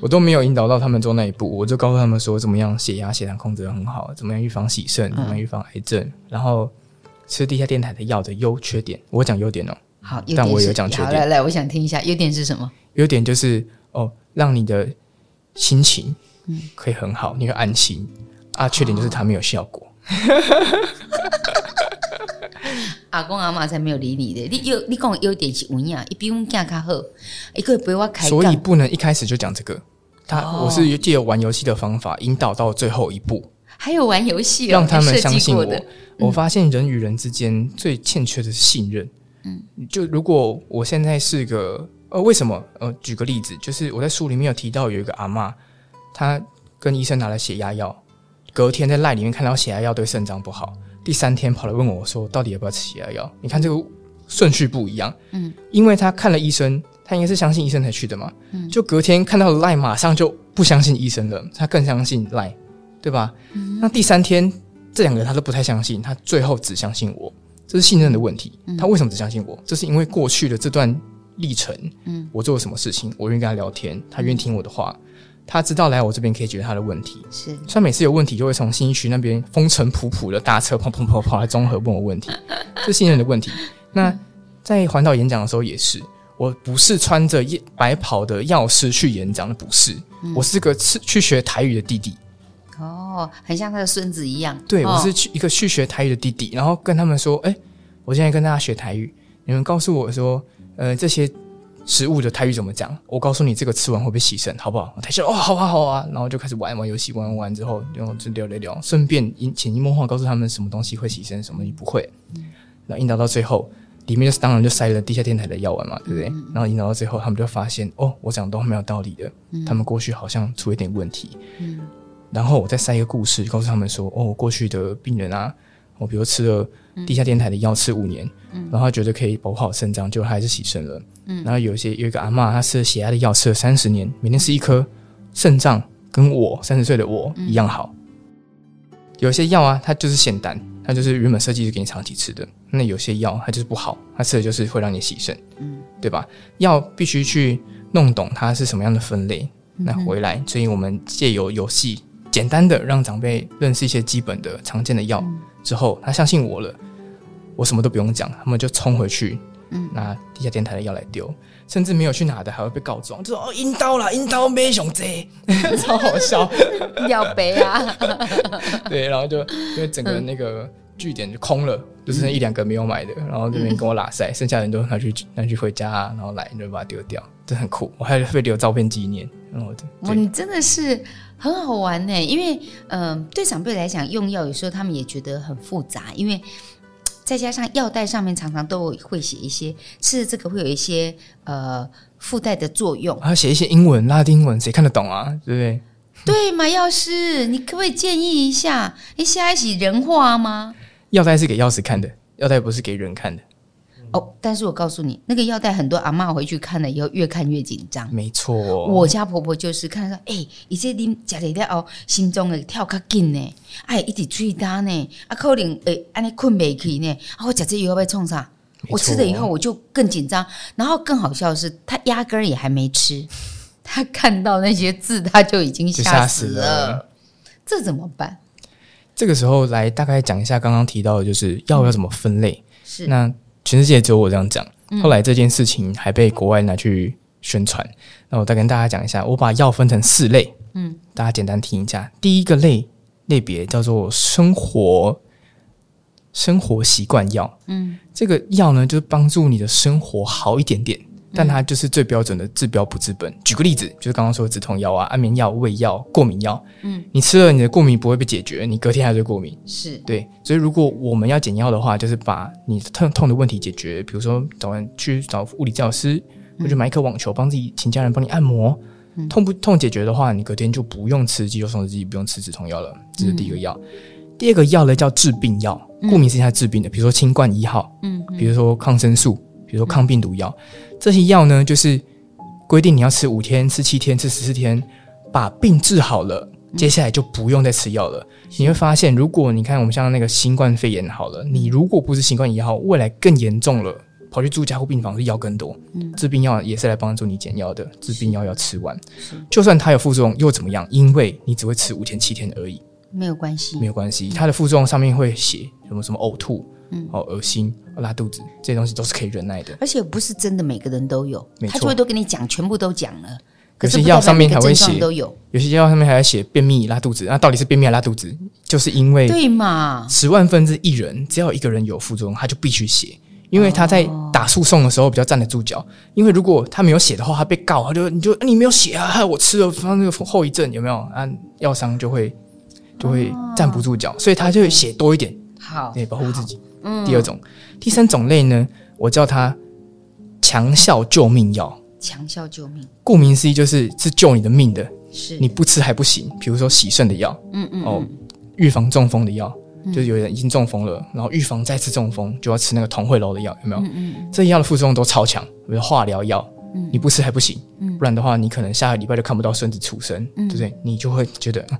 我都沒有引導到他們做那一步，我就告訴他們說怎麼樣血壓、血糖控制得很好，怎麼樣預防洗腎，怎麼樣預防癌症、嗯，然後吃地下電台的藥的優缺點，我講優點哦。好，但我也有講缺點、啊。好，來來，我想聽一下優點是什麼？優點就是哦，讓你的心情可以很好，你可以安心啊。缺點就是它沒有效果。哦、 阿公阿媽才沒有理你的，你有，你講優點是文雅，一邊講卡好，一個不用開。所以不能一開始就講這個。他，我是借由玩遊戲的方法引導到最後一步，還有玩遊戲讓他們相信我。我發現人與人之間最欠缺的是信任。嗯，就如果我現在是個呃，為什麼呃，舉個例子，就是我在書裡面有提到有一個阿嬤，她跟醫生拿了血壓藥，隔天在賴裡面看到血壓藥對腎臟不好，第三天跑來問我說，到底要不要吃血壓藥？你看這個順序不一樣，嗯，因為他看了醫生。他應該是相信醫生才去的嘛，嗯、就隔天看到了 LINE，馬上就不相信醫生了，他更相信 LINE，對吧、嗯？那第三天，這兩個他都不太相信，他最後只相信我，這是信任的問題、嗯。他為什麼只相信我？這是因為過去的這段歷程、嗯，我做了什麼事情，我願意跟他聊天，他願意聽我的話、嗯，他知道來我這邊可以解決他的問題。是，所以每次有問題就會從新區那邊風塵僕僕的大車砰砰，跑跑來綜合問我問題， 這信任的問題。那在環島演講的時候也是。我不是穿着白袍的藥師去演講的，不是、嗯。我是個去學台語的弟弟。哦，很像他的孫子一樣。對，我是去、哦、一個去學台語的弟弟，然後跟他們說：“哎、欸，我現在跟大家學台語，你們告訴我說，呃，這些食物的台語怎麼講？我告訴你，這個吃完會不會犧牲？好不好？”他說：「哦，好啊，好啊，然後就開始玩玩遊戲，玩玩之後，然後就聊聊聊，順便潛移默化告訴他們什麼東西會犧牲，什麼也不會。那引導到最後。裡面、就是當然就塞了地下電台的藥丸嘛，對不對？嗯嗯、然後引導到最後，他們就發現哦，我講都蠻有道理的、嗯。他們過去好像出一點問題、嗯，然後我再塞一個故事，告訴他們說哦，我過去的病人啊，我比如吃了地下電台的藥，吃五年，嗯嗯、然後他覺得可以保護好腎臟，就還是洗腎了、嗯。然後有一些有一個阿嬤，她吃了血壓的藥，吃了三十年，每天吃一顆，嗯、腎臟跟我三十歲的我、嗯、一樣好。有些藥啊，它就是現單，它就是原本設計是給你長期吃的。那有些藥它就是不好，它吃的就是會讓你洗腎、嗯，對吧？藥必須去弄懂它是什麼樣的分類，嗯、那回來所以我們借由遊戲簡單的讓長輩認識一些基本的常見的藥、嗯、之後，他相信我了，我什麼都不用講，他們就衝回去、嗯、拿地下電台的藥來丟，甚至沒有去拿的還會被告狀，就說哦，陰刀啦！陰刀沒熊賊， 超好笑， 要背白啊， 對，然後就因為整個那個。嗯據點就空了，就剩一兩個沒有買的，嗯、然後這邊跟我拉塞、嗯，剩下的人都拿去拿去回家、啊，然後來你就把它丟掉，這很酷。我還被留照片紀念，很好的。你真的是很好玩呢，因為嗯、呃，對長輩來講，用藥有時候他們也覺得很複雜，因為再加上藥袋上面常常都會寫一些吃了這個會有一些呃附帶的作用，他、啊、寫一些英文、拉丁文，誰看得懂啊？對不對？對嘛，藥師，你可不可以建議一下，你現在寫人話嗎？藥袋是給藥師看的，藥袋不是給人看的。嗯、哦，但是我告訴你，那個藥袋很多阿嬤回去看了以後，越看越緊張。沒錯、哦，我家婆婆就是看說，哎、欸，以前你吃完了哦，心中的跳卡緊呢，哎、啊，一直吹打呢，啊，可能誒，安尼困可以呢，啊，我假設以後會衝上，我吃了以後我就更緊張。然後更好笑的是，他壓根兒也還沒吃，他看到那些字，他就已經嚇死，死了。這怎麼辦？這個時候來大概講一下剛剛提到的，就是藥要怎麼分類？嗯、是。那全世界只有我這樣講。後來這件事情還被國外拿去宣傳、嗯。那我再跟大家講一下，我把藥分成四類。嗯，大家簡單聽一下。第一個類類別叫做生活生活習慣藥。嗯，這個藥呢，就是幫助你的生活好一點點。但它就是最標準的治標不治本。嗯、舉個例子，就是剛剛說止痛藥啊、安眠藥、胃藥、過敏藥。嗯，你吃了，你的過敏不會被解決，你隔天還是過敏。是對。所以如果我們要減藥的話，就是把你痛痛的問題解決，比如說找人去找物理治療師，嗯、或者買一顆網球幫自己，請家人幫你按摩，嗯、痛不痛解決的話，你隔天就不用吃肌肉鬆弛劑，不用吃止痛藥了、嗯。這是第一個藥。第二個藥呢，叫治病藥，顧名思義它是治病的、嗯，比如說清冠一號，嗯，比如說抗生素。比如說抗病毒藥、嗯，這些藥呢，就是規定你要吃五天、吃七天、吃十四天，把病治好了、嗯，接下來就不用再吃藥了。你會發現，如果你看我們像那個新冠肺炎好了，嗯、你如果不是新冠肺炎未來更嚴重了，跑去住加護病房是藥更多、嗯。治病藥也是來幫助你減藥的，治病藥要吃完，就算它有副作用又怎麼樣？因為你只會吃五天、七天而已，沒有關係，沒有關係。嗯、它的副作用上面會寫什麼什麼嘔吐。好、嗯，噁心、拉肚子這些東西都是可以忍耐的，而且不是真的每個人都有。他就會都跟你講，全部都講了。可是藥上面還會寫都有，有些藥上面還要寫便秘、拉肚子。那到底是便秘拉肚子？就是因為，對嘛？十萬分之一人，只要一個人有副作用，他就必須寫，因為他在打訴訟的時候比較站得住腳、哦。因為如果他沒有寫的話，他被告，他就你就你沒有寫啊，我吃了發那個後遺症有沒有？那藥商就會就會站不住腳、哦，所以他就會寫多一點、哦，好，對，保護自己。第二種、嗯、第三種類呢，嗯、我叫它強效救命藥。強效救命，顧名思義就是是救你的命的，是你不吃還不行。比如說洗腎的藥，嗯嗯，哦，預防中風的藥、嗯，就是有人已經中風了、嗯，然後預防再次中風就要吃那個同匯樓的藥，有沒有？嗯，嗯，這藥的副作用都超強，比如化療藥、嗯，你不吃還不行、嗯，不然的話你可能下個禮拜就看不到孫子出生、嗯，對不對？你就會覺得。嗯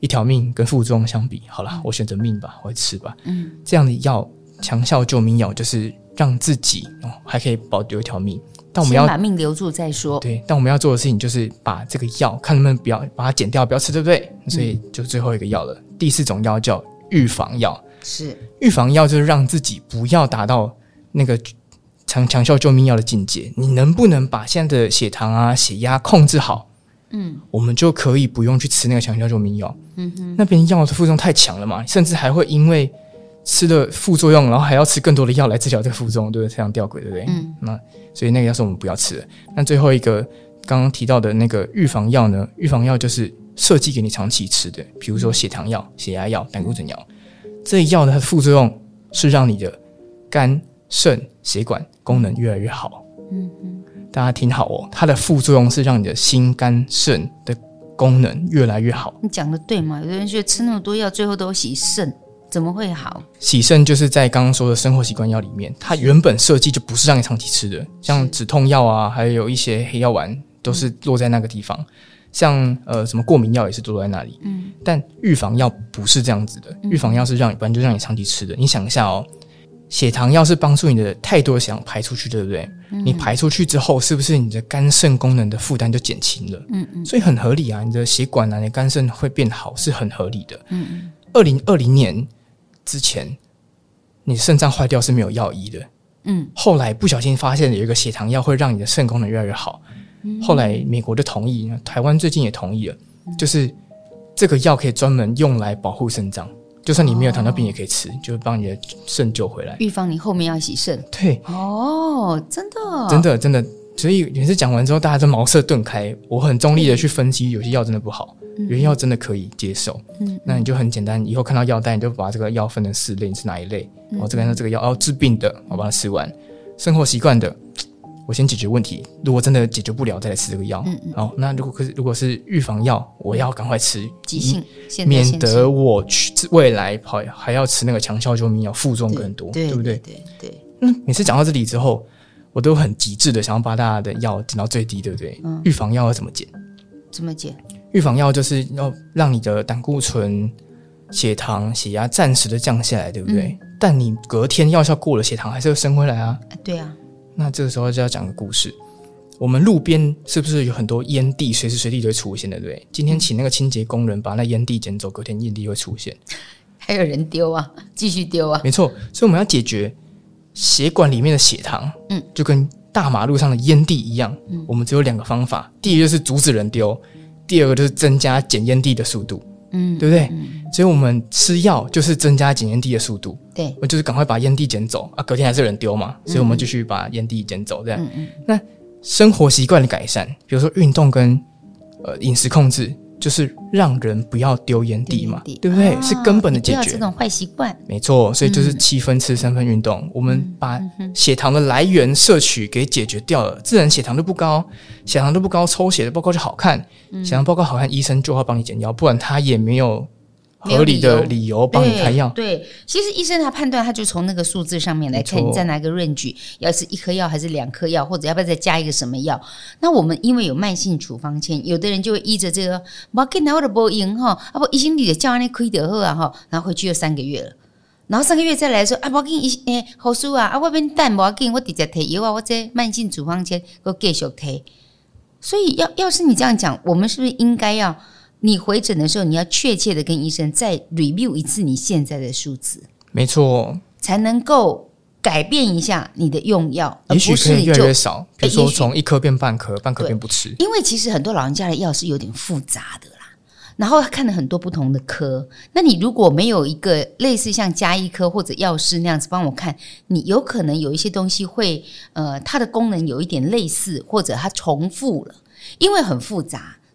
一條命跟副作用相比，好了，我選擇命吧，我會吃吧。嗯，這樣的藥強效救命藥就是讓自己、哦、還可以保留一條命，但我們要先把命留住再說。對，但我們要做的事情就是把這個藥看能不能不要把它減掉，不要吃，對不對、嗯？所以就最後一個藥了。第四種藥叫預防藥，是預防藥就是讓自己不要達到那個強強效救命藥的境界。你能不能把現在的血糖啊、血壓控制好？嗯，我們就可以不用去吃那個強效救命藥。嗯哼，那邊藥的副作用太強了嘛，甚至還會因為吃的副作用，然後還要吃更多的藥來治療這個副作用，對不對？這樣吊詭對不對？嗯。那所以那個藥是我們不要吃的。那最後一個剛剛提到的那個預防藥呢？預防藥就是設計給你長期吃的，比如說，血糖藥、血壓藥、膽固醇藥。這藥的的副作用是讓你的肝、腎、血管功能越來越好。嗯嗯。大家聽好哦，它的副作用是讓你的心、肝、腎的功能越來越好。你講的對嗎？有的人覺得吃那麼多藥，最後都洗腎，怎麼會好？洗腎就是在剛剛說的生活習慣藥裡面，它原本設計就不是讓你長期吃的，像止痛藥啊，還有一些黑藥丸，都是落在那個地方。像呃，什麼過敏藥也是落在那裡。嗯，但預防藥不是這樣子的，預防藥是讓本來就讓你長期吃的。你想一下哦。血糖藥是幫助你的太多糖排出去，對不對嗯嗯？你排出去之後，是不是你的肝腎功能的負擔就減輕了嗯嗯？所以很合理啊，你的血管啊，你的肝腎會變好，是很合理的。2 0二零二零年之前，你腎臟壞掉是沒有藥醫的。嗯。後來不小心發現有一個血糖藥會讓你的腎功能越來越好嗯嗯。後來美國就同意，台灣最近也同意了，就是這個藥可以專門用來保護腎臟。就算你沒有糖尿、oh. 病也可以吃，就幫你的腎救回來，預防你後面要洗腎。對，哦、oh，真的，真的，真的，所以也是講完之後，大家都茅塞頓開。我很中立的去分析，有些藥真的不好，有些藥真的可以接受。嗯，那你就很簡單，以後看到藥袋，你就把這個藥分成四類，你是哪一類？哦、嗯，這邊是這個藥要治病的，我把它吃完；生活習慣的。我先解決問題，如果真的解決不了，再來吃這個藥。好，嗯嗯、哦，那如果可是如果是預防藥，我要趕快吃，急性先吃先吃，免得我去未來跑還要吃那個強效救命藥，負重更多，對，對，對，對，對不對？對對，對，對。嗯，每次講到這裡之後，我都很極致的想要把大家的藥減到最低，對不對？嗯、預防藥要怎麼減？怎麼減？預防藥就是要讓你的膽固醇、血糖、血壓暫時的降下來，對不對？嗯、但你隔天藥效過了，血糖還是要升回來啊，啊。對啊。那這個時候就要講個故事，我們路邊是不是有很多菸蒂，隨時隨地都會出現的？對，今天請那個清潔工人把那菸蒂撿走，隔天煙蒂會出現，還有人丟啊，繼續丟啊，沒錯。所以我們要解決血管裡面的血糖，嗯，就跟大馬路上的菸蒂一樣，嗯，我們只有兩個方法，第一個就是阻止人丟，第二個就是增加撿菸蒂的速度。嗯，對不對？嗯、所以，我們吃藥就是增加撿菸蒂的速度，對，我就是趕快把菸蒂撿走啊，隔天還是有人丟嘛，所以我們就去把菸蒂撿走，嗯、這樣、嗯。那生活習慣的改善，比如說運動跟呃飲食控制。就是讓人不要丟眼底嘛底，對不對、哦？是根本的解決這種壞習慣。沒錯，所以就是七分吃，三分運動、嗯。我們把血糖的來源攝取給解決掉了，自然血糖都不高，血糖都不高，抽血的報告就好看。嗯、血糖報告好看，醫生就會幫你減藥，不然他也沒有。合理的理由,理由幫你開藥對，對，其實醫生他判斷他就從那個數字上面來看你在哪個 range 要是一顆藥還是兩顆藥，或者要不要再加一個什麼藥？那我們因為有慢性處方签，有的人就會依着這個，沒關係，我都不用哈，不然醫生你就叫他開就好啊哈，然後回去又三個月了，然後三個月再來說啊,、欸、啊,啊，我給你一哎好舒服啊，啊外面等，我給，我直接退藥啊，我在慢性處方签我繼續退，所以要要是你這樣講，我們是不是應該要？你回診的時候，你要確切的跟醫生再 review 一次你現在的數字，沒錯，才能夠改變一下你的用藥，也許可以越來越少，呃、比如說從一顆變半顆，半顆變不吃。因為其實很多老人家的藥是有點複雜的啦，然後看了很多不同的科，那你如果沒有一個類似像家醫科或者藥師那樣子幫我看，你有可能有一些東西會呃，它的功能有一點類似，或者它重複了，因為很複雜。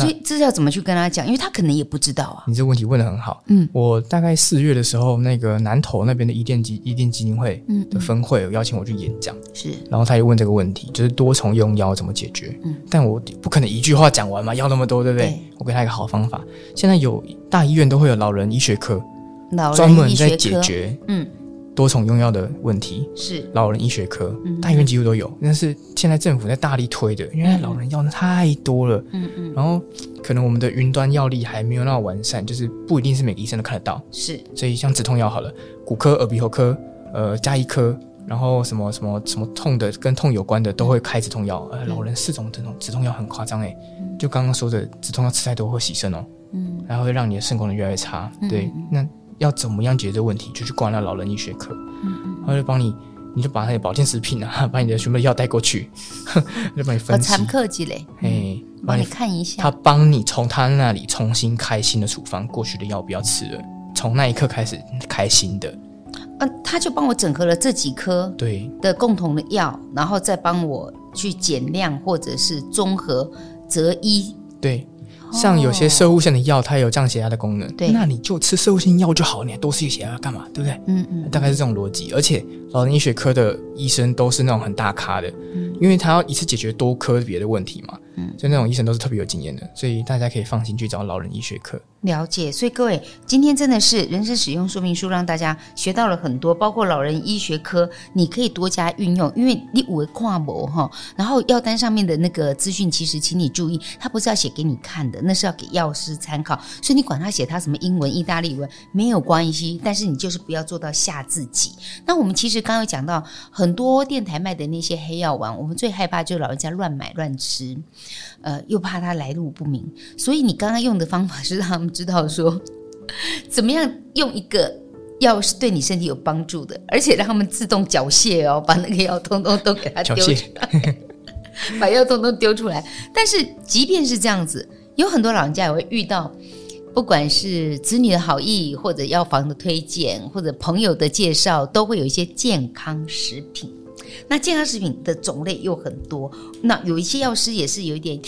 所以這是要怎麼去跟他講？因為他可能也不知道啊。你這個問題問得很好。嗯，我大概四月的時候，那個南投那邊的伊甸基伊甸基金會的分會有邀請我去演講，是、嗯嗯。然後他又問這個問題，就是多重用藥怎麼解決？嗯，但我不可能一句話講完嘛，藥那麼多，對不對，對？我給他一個好方法。現在有大醫院都會有老人醫學科，專門在解決。嗯。多重用藥的問題是老人醫學科，大醫院幾乎都有。嗯嗯。但是現在政府在大力推的，因為老人藥太多了。嗯嗯。然後可能我們的雲端藥歷還沒有那麼完善，就是不一定是每個醫生都看得到。是。所以像止痛藥好了，骨科、耳鼻喉科，呃，家醫科，然後什麼什麼什麼痛的，跟痛有關的都會開止痛藥。嗯嗯。呃，老人四種這種止痛藥很誇張誒。就剛剛說的止痛藥吃太多會洗腎哦。喔。嗯。然後會讓你的腎功能越來越差。對。嗯、那。要怎麼樣解決這個問題？就去掛那老人醫學科。嗯嗯，他就幫你，你就把那些保健食品啊，把你的全部的藥帶過去，就幫你分析。和積累，幫你看一下，他幫你從他那裡重新開新的處方，過去的藥不要吃了，從那一刻開始開心的。嗯、呃，他就幫我整合了這幾顆對的共同的藥，然後再幫我去減量或者是綜合擇一。對。像有些攝護腺的藥，oh. 它也有降血壓的功能。對，那你就吃攝護腺藥就好，你還多吃一些藥幹嘛？對不對？嗯嗯，嗯，大概是這種邏輯。而且老人醫學科的醫生都是那種很大咖的，嗯、因為他要一次解決多科別的問題嘛。嗯，所以那種醫生都是特別有經驗的，所以大家可以放心去找老人醫學科了解。所以各位，今天真的是《人生使用說明書》讓大家學到了很多，包括老人醫學科，你可以多加運用。因為你五維跨模哈，然後藥單上面的那個資訊，其實請你注意，它不是要寫給你看的，那是要給藥師參考。所以你管他寫他什麼英文、意大利文，沒有關係，但是你就是不要做到嚇自己。那我們其實剛剛有講到很多電台賣的那些黑藥丸，我們最害怕就是老人家亂買亂吃。呃，又怕他來路不明，所以你剛剛用的方法是讓他們知道說，怎麼樣用一個藥是對你身體有幫助的，而且讓他們自動繳械哦，把那個藥通通都給他丟出來， 把藥通通丟出來。但是即便是這樣子，有很多老人家也會遇到，不管是子女的好意，或者藥房的推薦，或者朋友的介紹，都會有一些健康食品。那健康食品的種類又很多，那有一些藥師也是有一點，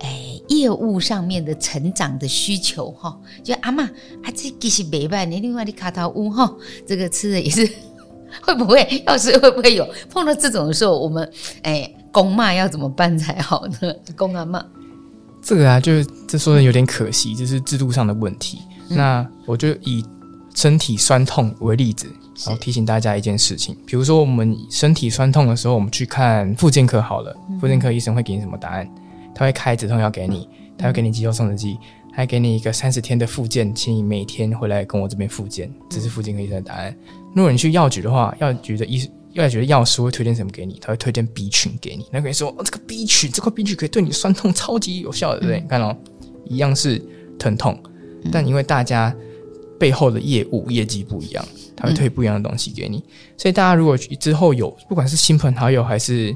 哎、欸，業務上面的成長的需求哈，就阿媽他自己繼續買吧，你另外的卡他烏哈，這個吃的也是會不會，藥師會不會有碰到這種的時候，我們哎、欸、公嬤要怎麼辦才好呢？公阿媽，這個啊，就是這說的有點可惜，這、就是制度上的問題、嗯。那我就以身體酸痛為例子。然後提醒大家一件事情，比如說我們身體痠痛的時候，我們去看復健科好了。嗯、復健科醫生會給你什麼答案？他會開止痛藥給你，嗯、他會給你肌肉鬆弛劑，還給你一個三十天的復健，請你每天回來跟我這邊復健。這是復健科醫生的答案。如果你去藥局的話，藥局的醫藥局的藥師會推薦什麼給你？他會推薦 B 群給你。那可以說：“哦，這個 B 群，這塊、個、B 群可以對你痠痛超級有效的、嗯，對不對？”你看哦，一樣是疼痛，嗯、但因為大家。背後的業務業績不一樣，他會推不一樣的東西給你。嗯、所以大家如果之後有不管是親朋好友還是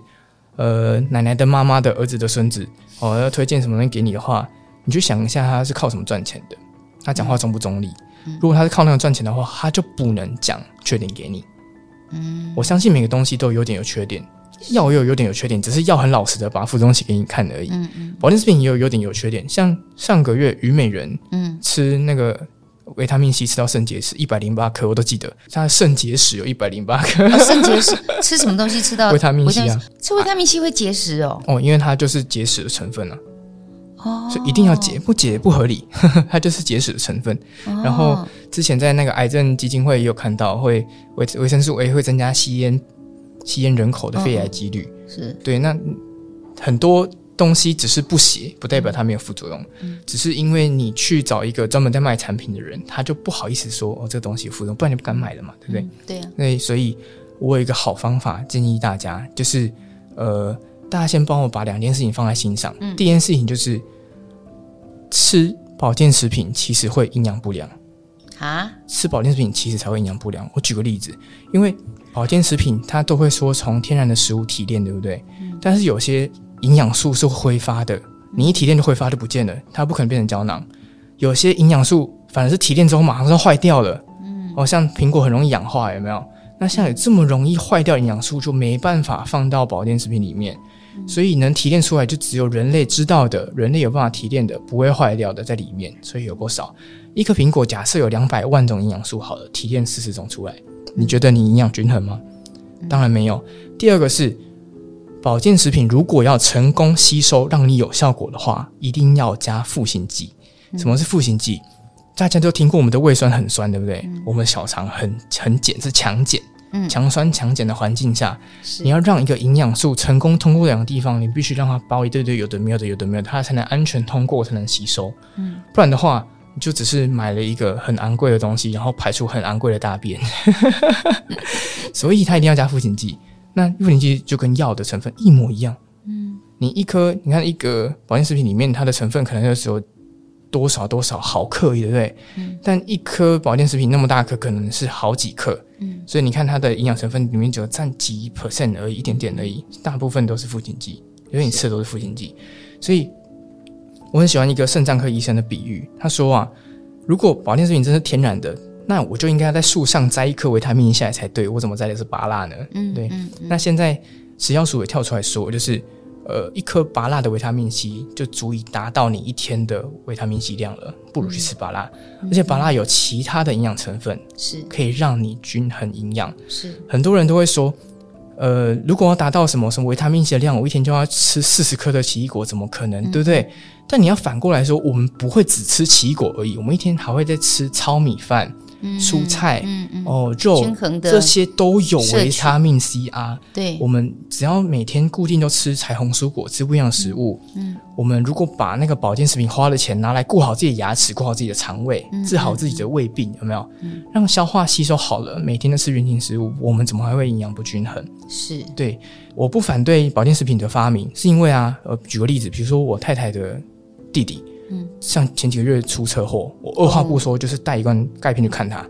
呃奶奶的媽媽的兒子的孫子哦要推薦什麼東西給你的話，你就想一下他是靠什麼賺錢的？他講話中不中立、嗯？如果他是靠那個賺錢的話，他就不能講缺點給你。嗯，我相信每個東西都有優點有缺點，藥也有，有優點有缺點，只是藥很老實的把副東西給你看而已。嗯，嗯保健食品也有優點有缺點，像上個月虞美人嗯吃那個。維他命 C 吃到腎結石一百零八顆，我都記得。像腎結石有一百零八顆。腎、啊、結石吃什麼東西吃到？維 他命 C 啊？維 C, 吃維他命 C 會結石哦、啊。哦，因為它就是結石的成分啊。哦。所以一定要結，不結不合理呵呵。它就是結石的成分、哦。然後之前在那個癌症基金會也有看到會，會維維生素 A 會增加吸菸吸菸人口的肺癌幾率。哦、是對，那很多。東西只是不寫，不代表它沒有副作用。嗯、只是因為你去找一個專門在賣產品的人，嗯、他就不好意思說哦，這個東西有副作用，不然就不敢買了嘛，對不對，嗯。對啊。所以，我有一個好方法建議大家，就是呃，大家先幫我把兩件事情放在心上。嗯、第一件事情就是，吃保健食品其實會營養不良啊。吃保健食品其實才會營養不良。我舉個例子，因為保健食品它都會說從天然的食物提煉，對不對，嗯。但是有些。營養素是會揮發的，你一提煉就揮發就不見了，它不可能變成膠囊。有些營養素反而是提煉之後馬上就壞掉了，哦，像蘋果很容易氧化，有沒有？那像有這麼容易壞掉的營養素，就沒辦法放到保健食品裡面。所以能提煉出來就只有人類知道的，人類有辦法提煉的，不會壞掉的在裡面。所以有多少？一顆蘋果假設有兩百萬種營養素，好了，提煉四十種出來，你覺得你營養均衡嗎？當然沒有。第二個是。保健食品如果要成功吸收，讓你有效果的話，一定要加賦形劑。什麼是賦形劑？大家都聽過我們的胃酸很酸，對不對？嗯、我們小腸很很鹼，是強鹼，嗯、強酸強鹼的環境下，你要讓一個營養素成功通過兩個地方，你必須讓它包一堆堆有的沒有的有的沒有，它才能安全通過，才能吸收、嗯。不然的話，你就只是買了一個很昂貴的東西，然後排出很昂貴的大便。 所以它一定要加賦形劑。那賦形劑就跟藥的成分一模一樣，嗯，你一顆，你看一個保健食品裡面它的成分可能就只有多少多少毫克，對不對？嗯，但一顆保健食品那麼大顆，可能是好幾克，嗯，所以你看它的營養成分裡面只有佔幾 percent 而已，一點點而已，大部分都是賦形劑，因為你吃的都是賦形劑，所以我很喜歡一個腎臟科醫生的比喻，他說啊，如果保健食品真的是天然的。那我就應該在樹上摘一顆維他命下來才對，我怎麼摘的是芭樂呢？嗯，對。嗯嗯、那現在食藥署也跳出來說，就是呃，一顆芭樂的維他命 C 就足以達到你一天的維他命 C 量了，不如去吃芭樂、嗯，而且芭樂有其他的營養成分，是、嗯嗯、可以讓你均衡營養。是很多人都會說，呃，如果要達到什麼什麼維他命 C 的量，我一天就要吃四十顆的奇異果，怎麼可能、嗯？對不對？但你要反過來說，我們不會只吃奇異果而已，我們一天還會再吃糙米飯。蔬菜、嗯嗯、哦，肉，這些都有維他命 C 啊。對，我們只要每天固定都吃彩虹蔬果，吃不一樣的食物嗯。嗯，我們如果把那個保健食品花的錢拿來顧好自己的牙齒，顧好自己的腸胃、嗯，治好自己的胃病，有沒有？嗯、讓消化吸收好了，每天都吃原型食物，我們怎麼還會營養不均衡？是對，我不反對保健食品的發明，是因為啊，呃，舉個例子，比如說我太太的弟弟。嗯，像前幾個月出車禍，我二話不說就是帶一罐鈣片去看他，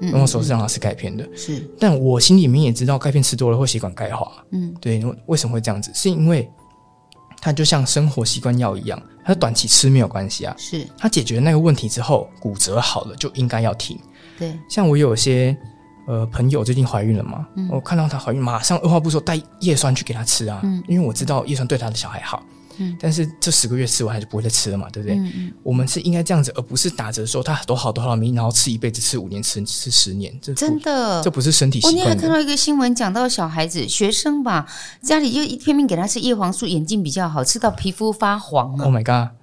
嗯，我首先是讓他吃鈣片的，是，但我心裡面也知道鈣片吃多了會血管鈣化，嗯，對，為什麼會這樣子？是因為它就像生活習慣藥一樣，它短期吃沒有關係啊，是，它解決那個問題之後，骨折好了就應該要停，對，像我有些呃朋友最近懷孕了嘛，嗯、我看到她懷孕，馬上二話不說帶葉酸去給她吃啊、嗯，因為我知道葉酸對她的小孩好。嗯、但是這十個月吃完還是不會再吃了嘛，對不對？嗯、我們是應該這樣子，而不是打折說他很多好多好多，然後吃一輩子，吃五年，吃吃十年，真的這不是身體。我今天看到一個新聞，講到小孩子學生吧，家裡就一天命給他吃葉黃素，眼睛比較好吃，吃到皮膚發黃了。Oh my god！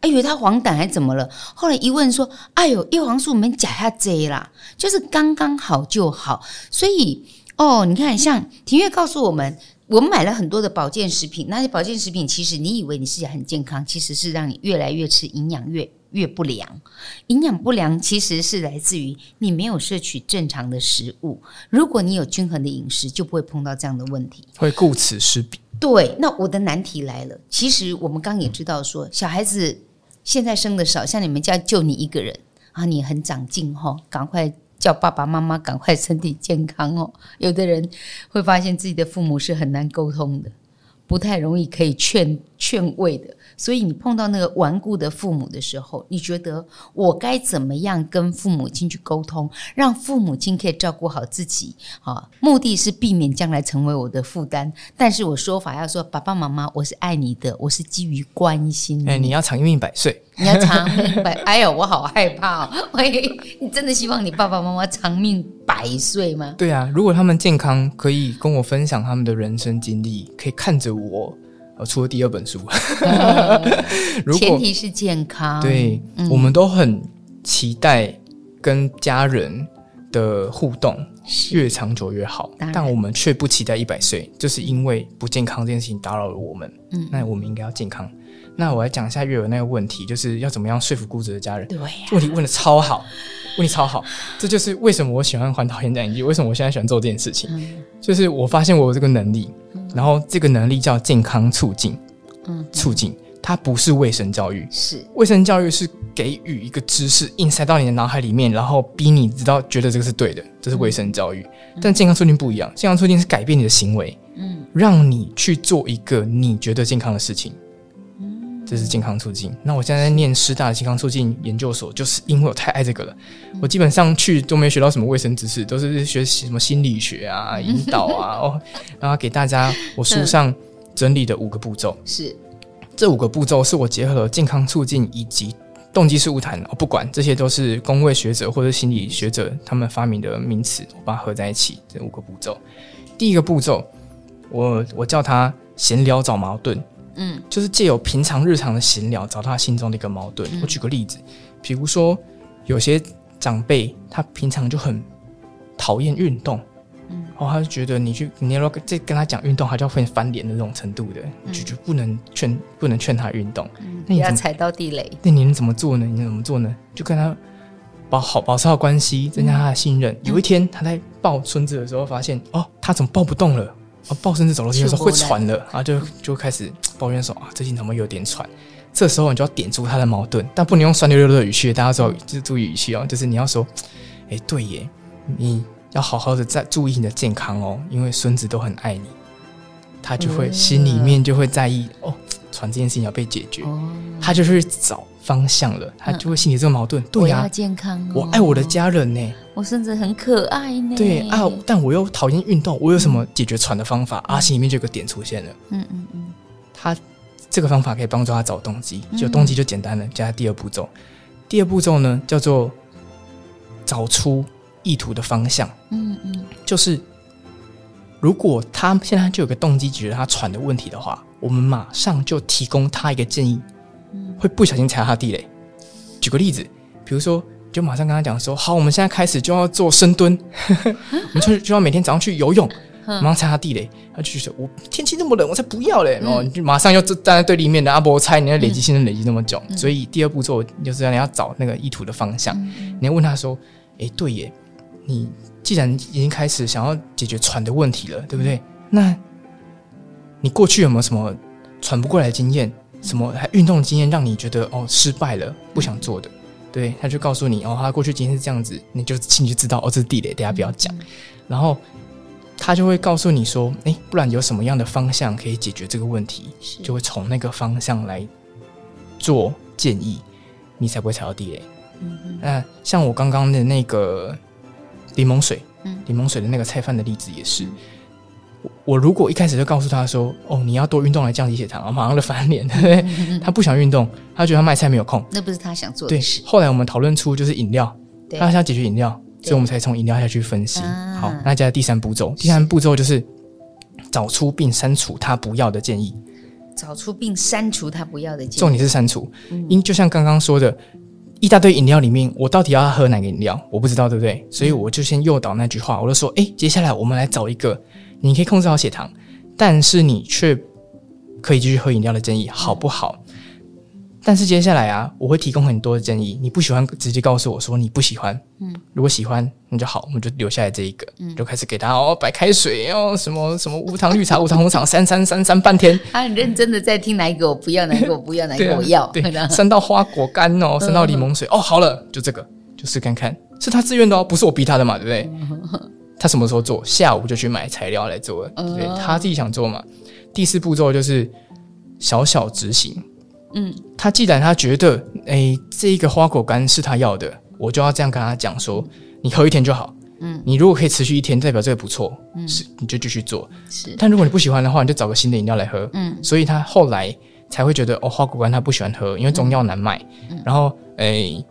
哎、啊，以為他黃疸還怎麼了？後來一問說，哎呦，葉黃素沒假下這啦，就是剛剛好就好。所以哦，你看，像廷岳告訴我們。我們買了很多的保健食品，那些保健食品其實你以為你自己很健康，其實是讓你越來越吃營養越越不良。營養不良其實是來自於你沒有攝取正常的食物。如果你有均衡的飲食，就不會碰到這樣的問題。會顧此失彼。對，那我的難題來了。其實我們剛剛也知道說，嗯，小孩子現在生的少，像你們家就你一個人啊，你很長進哈，趕快。叫爸爸媽媽趕快身體健康哦，有的人會發現自己的父母是很難溝通的。不太容易可以勸勸慰的，所以你碰到，那個頑固的父母的時候，你覺得我該怎麼樣跟父母親去溝通，讓父母親可以照顧好自己？啊，目的是避免將來成為我的負擔。但是我說法要說，爸爸媽媽，我是愛你的，我是基於關心你、欸。你要長命百歲，你要長命百，哎呦，我好害怕我、哦、也 你真的希望你爸爸媽媽長命？百歲嗎？嗯？對啊，如果他們健康，可以跟我分享他們的人生經歷，可以看着我，呃，出第二本書。 前提是健康，對、嗯、我們都很期待跟家人的互動，越長久越好。但我們卻不期待一百歲，就是因為不健康這件事情打擾了我們。嗯，那我們應該要健康。那我來講一下月娥那個問題，就是要怎麼樣說服固執的家人？對、啊，問題問的超好，問的超好。 這就是為什麼我喜歡環島演講，以及為什麼我現在喜歡做這件事情。嗯、就是我發現我有這個能力，嗯、然後這個能力叫健康促進。嗯，促進它不是衛生教育，是衛生教育是給予一個知識硬塞到你的腦海裡面，然後逼你知道覺得這個是對的，這是衛生教育、嗯。但健康促進不一樣，健康促進是改變你的行為，嗯，讓你去做一個你覺得健康的事情。這是健康促進。那我現在，在念師大的健康促進研究所，就是因為我太愛這個了。我基本上去都沒學到什麼衛生知識，都是學習什麼心理學啊、引導啊、 哦，然後給大家我書上整理的五個步驟。 是，這五個步驟是我結合了健康促進以及動機式會談。我、哦、不管，這些都是公衛學者或者心理學者他們發明的名詞，我把它合在一起這五個步驟。第一個步驟，我我叫他閒聊找矛盾。嗯，就是借由平常日常的閒聊，找到他心中的一個矛盾。嗯、我舉個例子，比如說有些長輩，他平常就很討厭運動，嗯，然後他就覺得你去，你要再跟他講運動，他就會翻臉的那種程度的。嗯，就就不能勸，不能勸他運動、嗯。那你要踩到地雷。那你能怎麼做呢？你能怎麼做呢？就跟他保好，保持好關係，增加他的信任。嗯，有一天，嗯，他在抱孫子的時候，發現哦，他怎麼抱不動了？啊，抱孫子走路的時候會喘的啊，然後就就開始抱怨說啊，最近怎麼有點喘？這時候你就要點出他的矛盾，但不能用酸溜溜的語氣，大家知道，注意語氣哦，就是你要說，哎、欸，對耶，你要好好的在注意你的健康哦，因為孫子都很愛你，他就會心裡面就會在意、嗯、哦。喘這件事情要被解決、哦，他就是找方向了，他就會心裡這個矛盾、嗯。對啊，健康、哦，我愛我的家人呢，我甚至很可愛呢，對啊，但我又討厭運動，我有什麼解決喘的方法、嗯？啊，心裡面就有個點出現了，嗯嗯嗯、嗯，他這個方法可以幫助他找動機，就動機就簡單了，嗯、加第二步驟，第二步驟呢叫做找出意圖的方向，嗯嗯，就是如果他現在就有個動機解決他喘的問題的話。我們馬上就提供他一個建議、嗯，會不小心踩他地雷。舉個例子，比如說，就馬上跟他講說：“好，我們現在開始就要做深蹲， 我們就，就要每天早上去游泳。”馬上踩他地雷，他就說：“我天氣那麼冷，我才不要嘞！”然後、嗯、你就馬上又就站在對立面的阿伯猜你要累積信任累積這麼久、嗯，所以第二步做就是要你要找那個意圖的方向。嗯、你要問他說：“哎、欸，對耶，你既然已經開始想要解決喘的問題了，對不對？”嗯、那你過去有沒有什麼喘不過來的經驗、嗯？什麼還運動的經驗，讓你覺得哦失敗了不想做的？對，他就告訴你哦，他過去經驗是這樣子，你就進去知道哦，這是地雷，大家不要講、嗯嗯。然後他就會告訴你說，誒、欸，不然有什麼樣的方向可以解決這個問題？是，就會從那個方向來做建議，你才不會踩到地雷。嗯嗯，那像我剛剛的那個檸檬水，檸、嗯、檬水的那個菜販的例子也是。嗯我如果一開始就告訴他說：“哦，你要多運動來降低血糖。”然後馬上就翻臉，嗯、哼哼 他不想運動，他覺得他賣菜沒有空，那不是他想做的事。後來我們討論出就是飲料，對他想解決飲料，所以我們才從飲料下去分析、啊。好，那接下來第三步驟，第三步驟就是找出並刪除他不要的建議。找出並刪除他不要的建議，重點是刪除。嗯、因為就像剛剛說的一大堆飲料裡面，我到底要喝哪個飲料？我不知道，對不對、嗯？所以我就先誘導那句話，我就說：“哎、欸，接下來我們來找一個。”你可以控制好血糖，但是你卻可以繼續喝飲料的建議好不好、嗯？但是接下來啊，我會提供很多的建議，你不喜歡直接告訴我說你不喜歡，嗯、如果喜歡那就好，我們就留下來這一個，嗯、就開始給他哦，白開水哦，什麼什麼無糖綠茶、無糖紅茶， 三,三三三三半天。他很認真的在聽哪一個？嗯、我不要哪一個，我不要哪一個， 我要。對的。三道花果乾哦，三道檸檬水 哦，好了，就這個，就試看看，是他自願的哦，不是我逼他的嘛，對不對？嗯他什麼時候做？下午就去買材料來做。嗯、oh.，對，他自己想做嘛。第四步驟就是小小執行。嗯，他既然他覺得，誒、欸，這一個花果乾是他要的，我就要這樣跟他講說：你喝一天就好。嗯，你如果可以持續一天，代表這個不錯。嗯，是你就繼續做。是，但如果你不喜歡的話，你就找個新的飲料來喝。嗯，所以他後來才會覺得，哦，花果乾他不喜歡喝，因為中藥難賣。嗯，然後，誒、欸……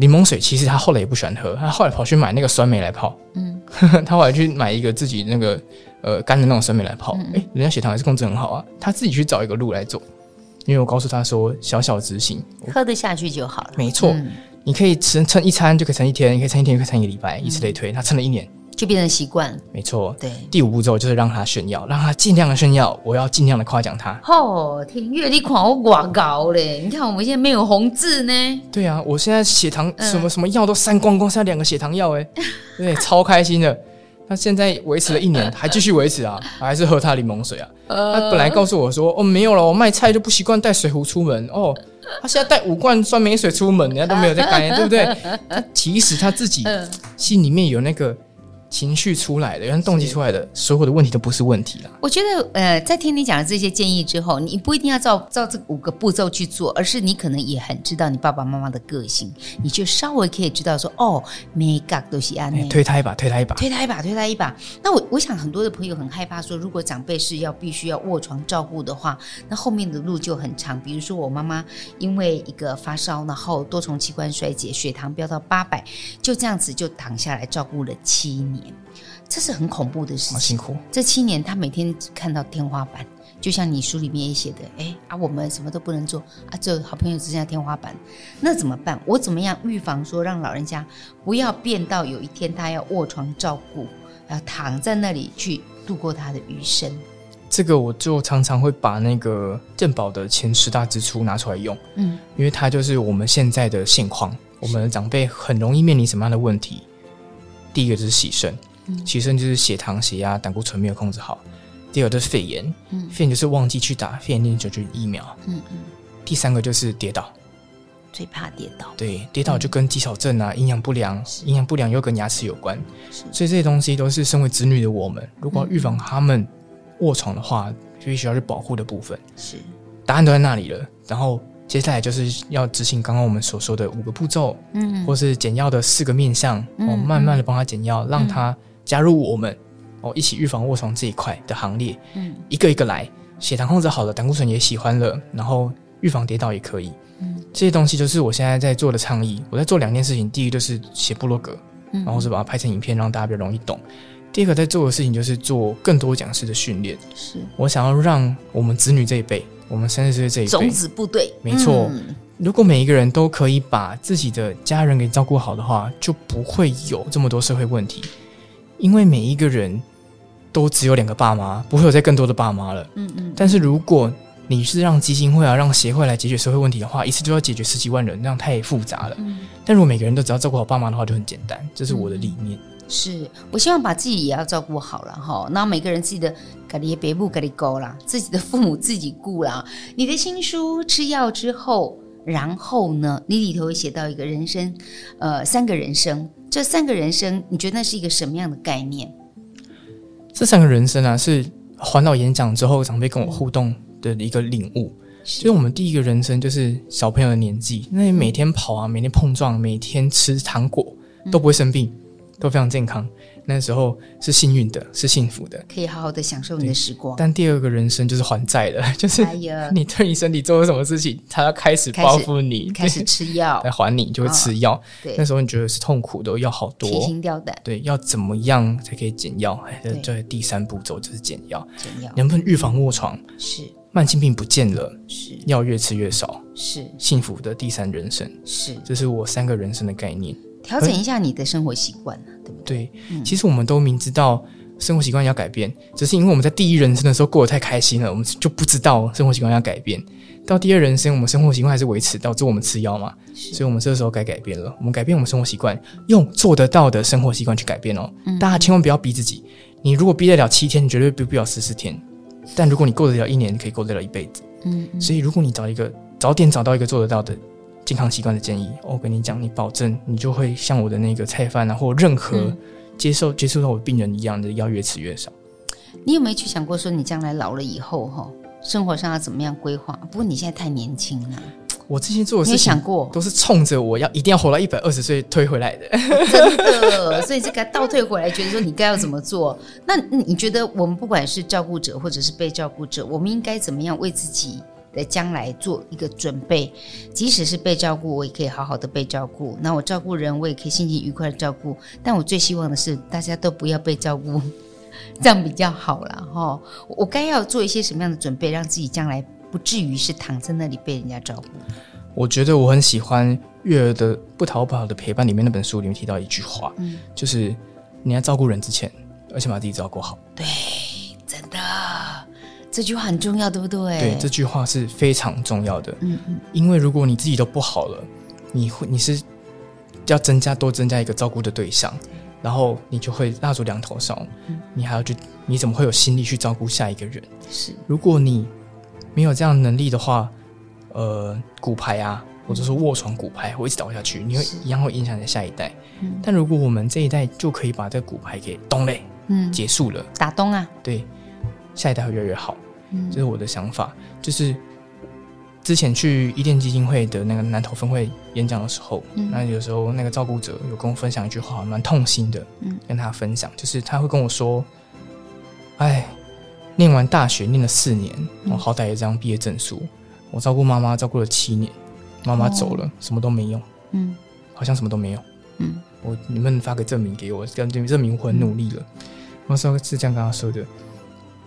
檸檬水其實他後來也不喜歡喝，他後來跑去買那個酸梅來泡。嗯，呵呵，他後來去買一個自己那個呃，乾的那種酸梅來泡。哎、嗯，欸，人家血糖還是控制很好啊，他自己去找一個路來走。因為我告訴他說，小小執行，喝得下去就好了。沒錯、嗯，你可以吃，撐一餐就可以撐一天，你可以撐一天，可以撐一個禮拜，以此類推。嗯、他撐了一年。就變成習慣，沒錯。對，第五步驟就是讓他炫耀，讓他盡量的炫耀。我要盡量的誇獎他。哦、天，月娥你看我多高嘞！你看我們現在沒有紅字呢。對啊，我現在血糖什麼什麼藥都刪光光，現在兩個血糖藥哎， 對，超開心的。他現在維持了一年，還繼續維持啊，還是喝他檸檬水啊、呃。他本來告訴我說，哦，沒有了，我賣菜就不習慣帶水壺出門。哦，他現在帶五罐酸梅水出門，人家都沒有在幹， 對不對？其實他自己心裡面有那個。情緒出來的，原來動機出來的，所有的問題都不是問題了。我覺得，呃，在聽你講的這些建議之後，你不一定要照照這五個步驟去做，而是你可能也很知道你爸爸媽媽的個性，嗯、你就稍微可以知道說，哦，每一個都是按、欸、推他一把，推他一把，推他一把，推他一把。那我我想很多的朋友很害怕說，如果長輩是要必須要臥床照顧的話，那後面的路就很長。比如說我媽媽因為一個發燒，然後多重器官衰竭，血糖飆到八百，就這樣子就躺下來照顧了七年。嗯這是很恐怖的事情，哦，辛苦。這七年，他每天只看到天花板，就像你書裡面也寫的，哎，啊，我們什麼都不能做，啊，這好朋友只剩下天花板，那怎麼辦？我怎麼樣預防說讓老人家不要變到有一天他要臥床照顧，要躺在那裡去度過他的餘生？這個我就常常會把那個健保的前十大支出拿出來用，嗯，因為它就是我們現在的現況，我們的長輩很容易面臨什麼樣的問題？第一個就是洗腎、嗯，洗腎就是血糖血壓、血壓、膽固醇沒有控制好。第二個就是肺炎、嗯，肺炎就是忘記去打肺炎鏈球菌疫苗。嗯、嗯，第三個就是跌倒，最怕跌倒。對，跌倒、嗯、就跟肌少症啊、營養不良、營養不良又跟牙齒有關，所以這些東西都是身為子女的我們，如果要預防他們臥床的話，必、嗯、須要去保護的部分。是，答案都在那裡了。然後。接下來就是要執行剛剛我們所說的五個步驟，嗯,嗯，或是減藥的四個面向，我、嗯嗯哦、慢慢的幫他減藥嗯嗯，讓他加入我們，哦，一起預防臥床這一塊的行列，嗯，一個一個來，血糖控制好了，膽固醇也喜歡了，然後預防跌倒也可以、嗯，這些東西就是我現在在做的倡議，我在做兩件事情，第一就是寫部落格嗯嗯，然後是把它拍成影片，讓大家比較容易懂，第二個在做的事情就是做更多講師的訓練，是我想要讓我們子女這一輩。我們三十歲這一輩，種子部隊，沒錯、嗯。如果每一個人都可以把自己的家人給照顧好的話，就不會有這麼多社會問題。因為每一個人都只有兩個爸媽，不會有再更多的爸媽了。嗯嗯嗯。但是如果你是讓基金會啊，讓協會來解決社會問題的話，一次都要解決十幾萬人，那樣太複雜了。嗯、但如果每個人都只要照顧好爸媽的話，就很簡單。這是我的理念。嗯是我希望把自己也要照顧好了哈。那每個人自己的咖喱別不咖喱勾了，自己的父母自己顧啦。你的新書吃藥之後，然後呢？你裡頭會寫到一個人生，呃，三個人生。這三個人生，你覺得那是一個什麼樣的概念？這三個人生啊，是環島演講之後長輩跟我互動的一個領悟。所、嗯、以我們第一個人生就是小朋友的年紀，那你每天跑啊，嗯、每天碰撞，每天吃糖果都不會生病。都非常健康，那時候是幸運的，是幸福的，可以好好的享受你的時光。但第二個人生就是還債了、哎，就是你對你身體做了什麼事情，他要開始報復你，開始，開始吃藥來還你，就會吃藥、哦。那時候你覺得是痛苦的，藥好多，提心吊膽。對，要怎麼樣才可以減藥？這第三步驟就是減藥。減藥能不能預防臥床？是，慢性病不見了，是藥越吃越少，是幸福的第三人生。是，這是我三個人生的概念。調整一下你的生活習慣呢，對不對？對、嗯。其實我們都明知道生活習慣要改變，只是因為我們在第一人生的時候過得太開心了，我們就不知道生活習慣要改變。到第二人生，我們生活習慣還是維持，導致我們吃藥嘛。所以，我們這個時候該改變了。我們改變我們生活習慣，用做得到的生活習慣去改變哦。嗯、大家千萬不要逼自己，你如果逼得了七天，你絕對逼不了十四天。但如果你過得了一年，你可以過得了一輩子。嗯嗯，所以，如果你找一個早點找到一個做得到的。健康習慣的建議，我跟你講，你保證你就會像我的那個菜飯啊，或任何接受接觸到我病人一樣的，要越吃越少。你有沒有去想過說，你將來老了以後哈，生活上要怎麼樣規劃？不過你現在太年輕了，我之前做的是，都是衝着我要一定要活到一百二十歲推回來的， 真的。所以這個倒退回來，覺得說你該要怎麼做？那你覺得我們不管是照顧者或者是被照顧者，我們應該怎麼樣為自己的將來做一個準備，即使是被照顧，我也可以好好的被照顧。那我照顧人，我也可以心情愉快的照顧。但我最希望的是，大家都不要被照顧，這樣比較好了哈、嗯哦。我該要做一些什麼樣的準備，讓自己將來不至於是躺在那裡被人家照顧？我覺得我很喜歡月娥的《不逃跑的陪伴》裡面那本書裡面提到一句話，嗯，就是你要照顧人之前，而且把自己照顧好。對，真的。這句話很重要，對不對？對，這句話是非常重要的。嗯，因為如果你自己都不好了，你會，你是要增加，多增加一個照顧的對象。對，然後你就會蠟燭兩頭燒。嗯、你還要去，你怎麼會有心力去照顧下一個人？是，如果你沒有這樣的能力的話，呃，骨牌啊，或者說臥床骨牌會一直倒下去，你會一樣會影響你的下一代。嗯。但如果我們這一代就可以把這個骨牌給咚嘞，嗯，結束了，打咚啊，對，下一代會越來越好。這、嗯，就是我的想法，就是之前去伊甸基金會的那個南投分會演講的時候、嗯，那有時候那個照顧者有跟我分享一句話，蠻痛心的。嗯，跟他分享、嗯，就是他會跟我說：“哎，念完大學念了四年，嗯、我好歹有這張畢業證書。我照顧媽媽照顧了七年，媽媽走了、哦，什麼都沒有。嗯，好像什麼都沒有。嗯，我你們發個證明給我，證明證明我很努力了。嗯”我說是這樣跟他說的：“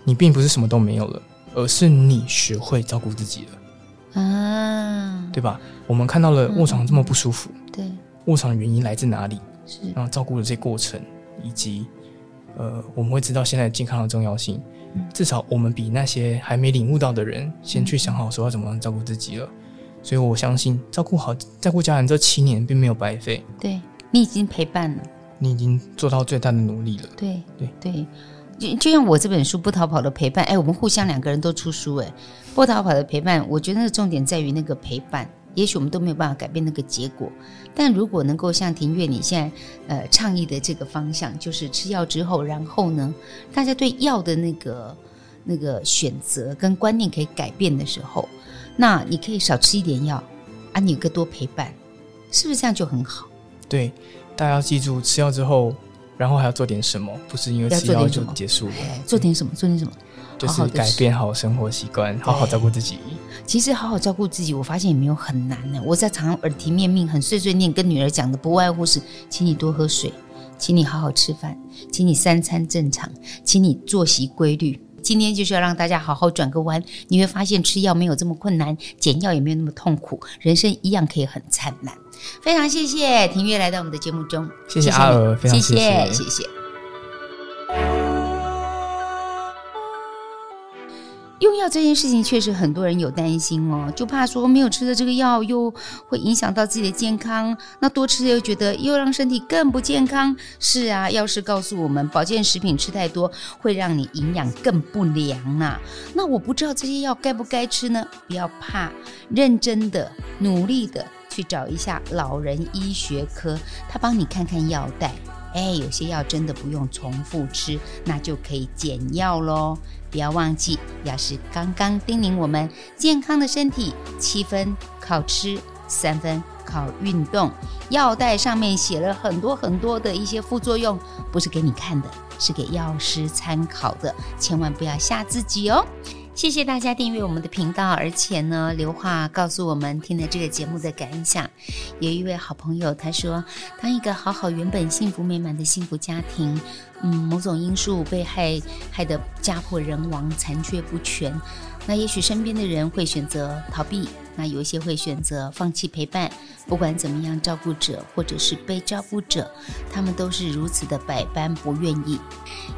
你並不是什麼都沒有了。”而是你學會照顧自己了，啊，對吧？我們看到了臥床這麼不舒服，嗯、對，臥床的原因來自哪裡？是，然後照顧的這過程，以及呃，我們會知道現在健康的重要性。嗯、至少我們比那些還沒領悟到的人，先去想好說要怎麼樣照顧自己了、嗯。所以我相信照，照顧好照顧家人這七年並沒有白費。對，你已經陪伴了，你已經做到最大的努力了。對對對。對就就像我這本書《不逃跑的陪伴》，哎，我們互相兩個人都出書，誒，《不逃跑的陪伴》，我覺得那個重點在於那個陪伴。也許我們都沒有辦法改變那個結果，但如果能夠像廷岳你現在呃倡議的這個方向，就是吃藥之後，然後呢，大家對藥的那個那個選擇跟觀念可以改變的時候，那你可以少吃一點藥啊，你有個多陪伴，是不是這樣就很好？對，大家要記住，吃藥之後。然後還要做點什麼？不是因為吃藥就結束了。做、嗯，做點什麼？做點什麼？就是改變好生活習慣，好好，好，好照顧自己。其實好好照顧自己，我發現也沒有很難呢。我在常耳提面命，很碎碎念跟女兒講的，不外乎是，請你多喝水，請你好好吃飯，請你三餐正常，請你作息規律。今天就是要讓大家好好轉個彎，你會發現吃藥沒有這麼困難，減藥也沒有那麼痛苦，人生一樣可以很燦爛。非常謝謝廷岳來到我們的節目中。謝謝阿娥，非常謝謝謝謝，謝謝。用藥這件事情確實很多人有擔心哦，就怕說沒有吃的這個藥又會影響到自己的健康，那多吃又覺得又讓身體更不健康。是啊，藥師告訴我們，保健食品吃太多會讓你營養更不良吶、啊。那我不知道這些藥該不該吃呢？不要怕，認真的，努力的。去找一下老人醫學科，他幫你看看藥袋。欸，有些藥真的不用重複吃，那就可以減藥嘍。不要忘記，藥師剛剛叮嚀我們：健康的身體，七分靠吃，三分靠運動。藥袋上面寫了很多很多的一些副作用，不是給你看的，是給藥師參考的，千萬不要嚇自己哦。謝謝大家訂閱我們的頻道，而且呢，留話告訴我們聽了這個節目的感想。有一位好朋友他說，當一個好好原本幸福美滿的幸福家庭，嗯，某種因素被害害得家破人亡，殘缺不全。那也許身邊的人會選擇逃避，那有一些會選擇放棄陪伴。不管怎麼樣，照顧者或者是被照顧者，他們都是如此的百般不願意，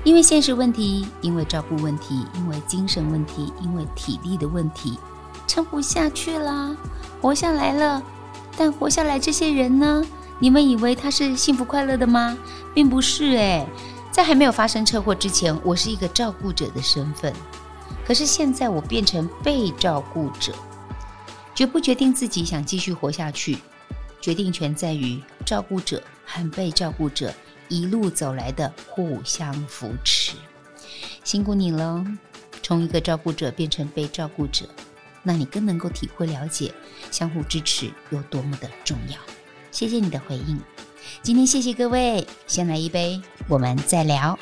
因為現實問題，因為照顧問題，因為精神問題，因為體力的問題，撐不下去了，活下來了。但活下來這些人呢？你們以為他是幸福快樂的嗎？並不是哎，在還沒有發生車禍之前，我是一個照顧者的身份。可是現在我變成被照顧者，絕不決定自己想繼續活下去，決定權在於照顧者和被照顧者一路走來的互相扶持。辛苦你了，從一個照顧者變成被照顧者，那你更能夠體會了解相互支持有多麼的重要。謝謝你的回應，今天謝謝各位，先來一杯，我們再聊。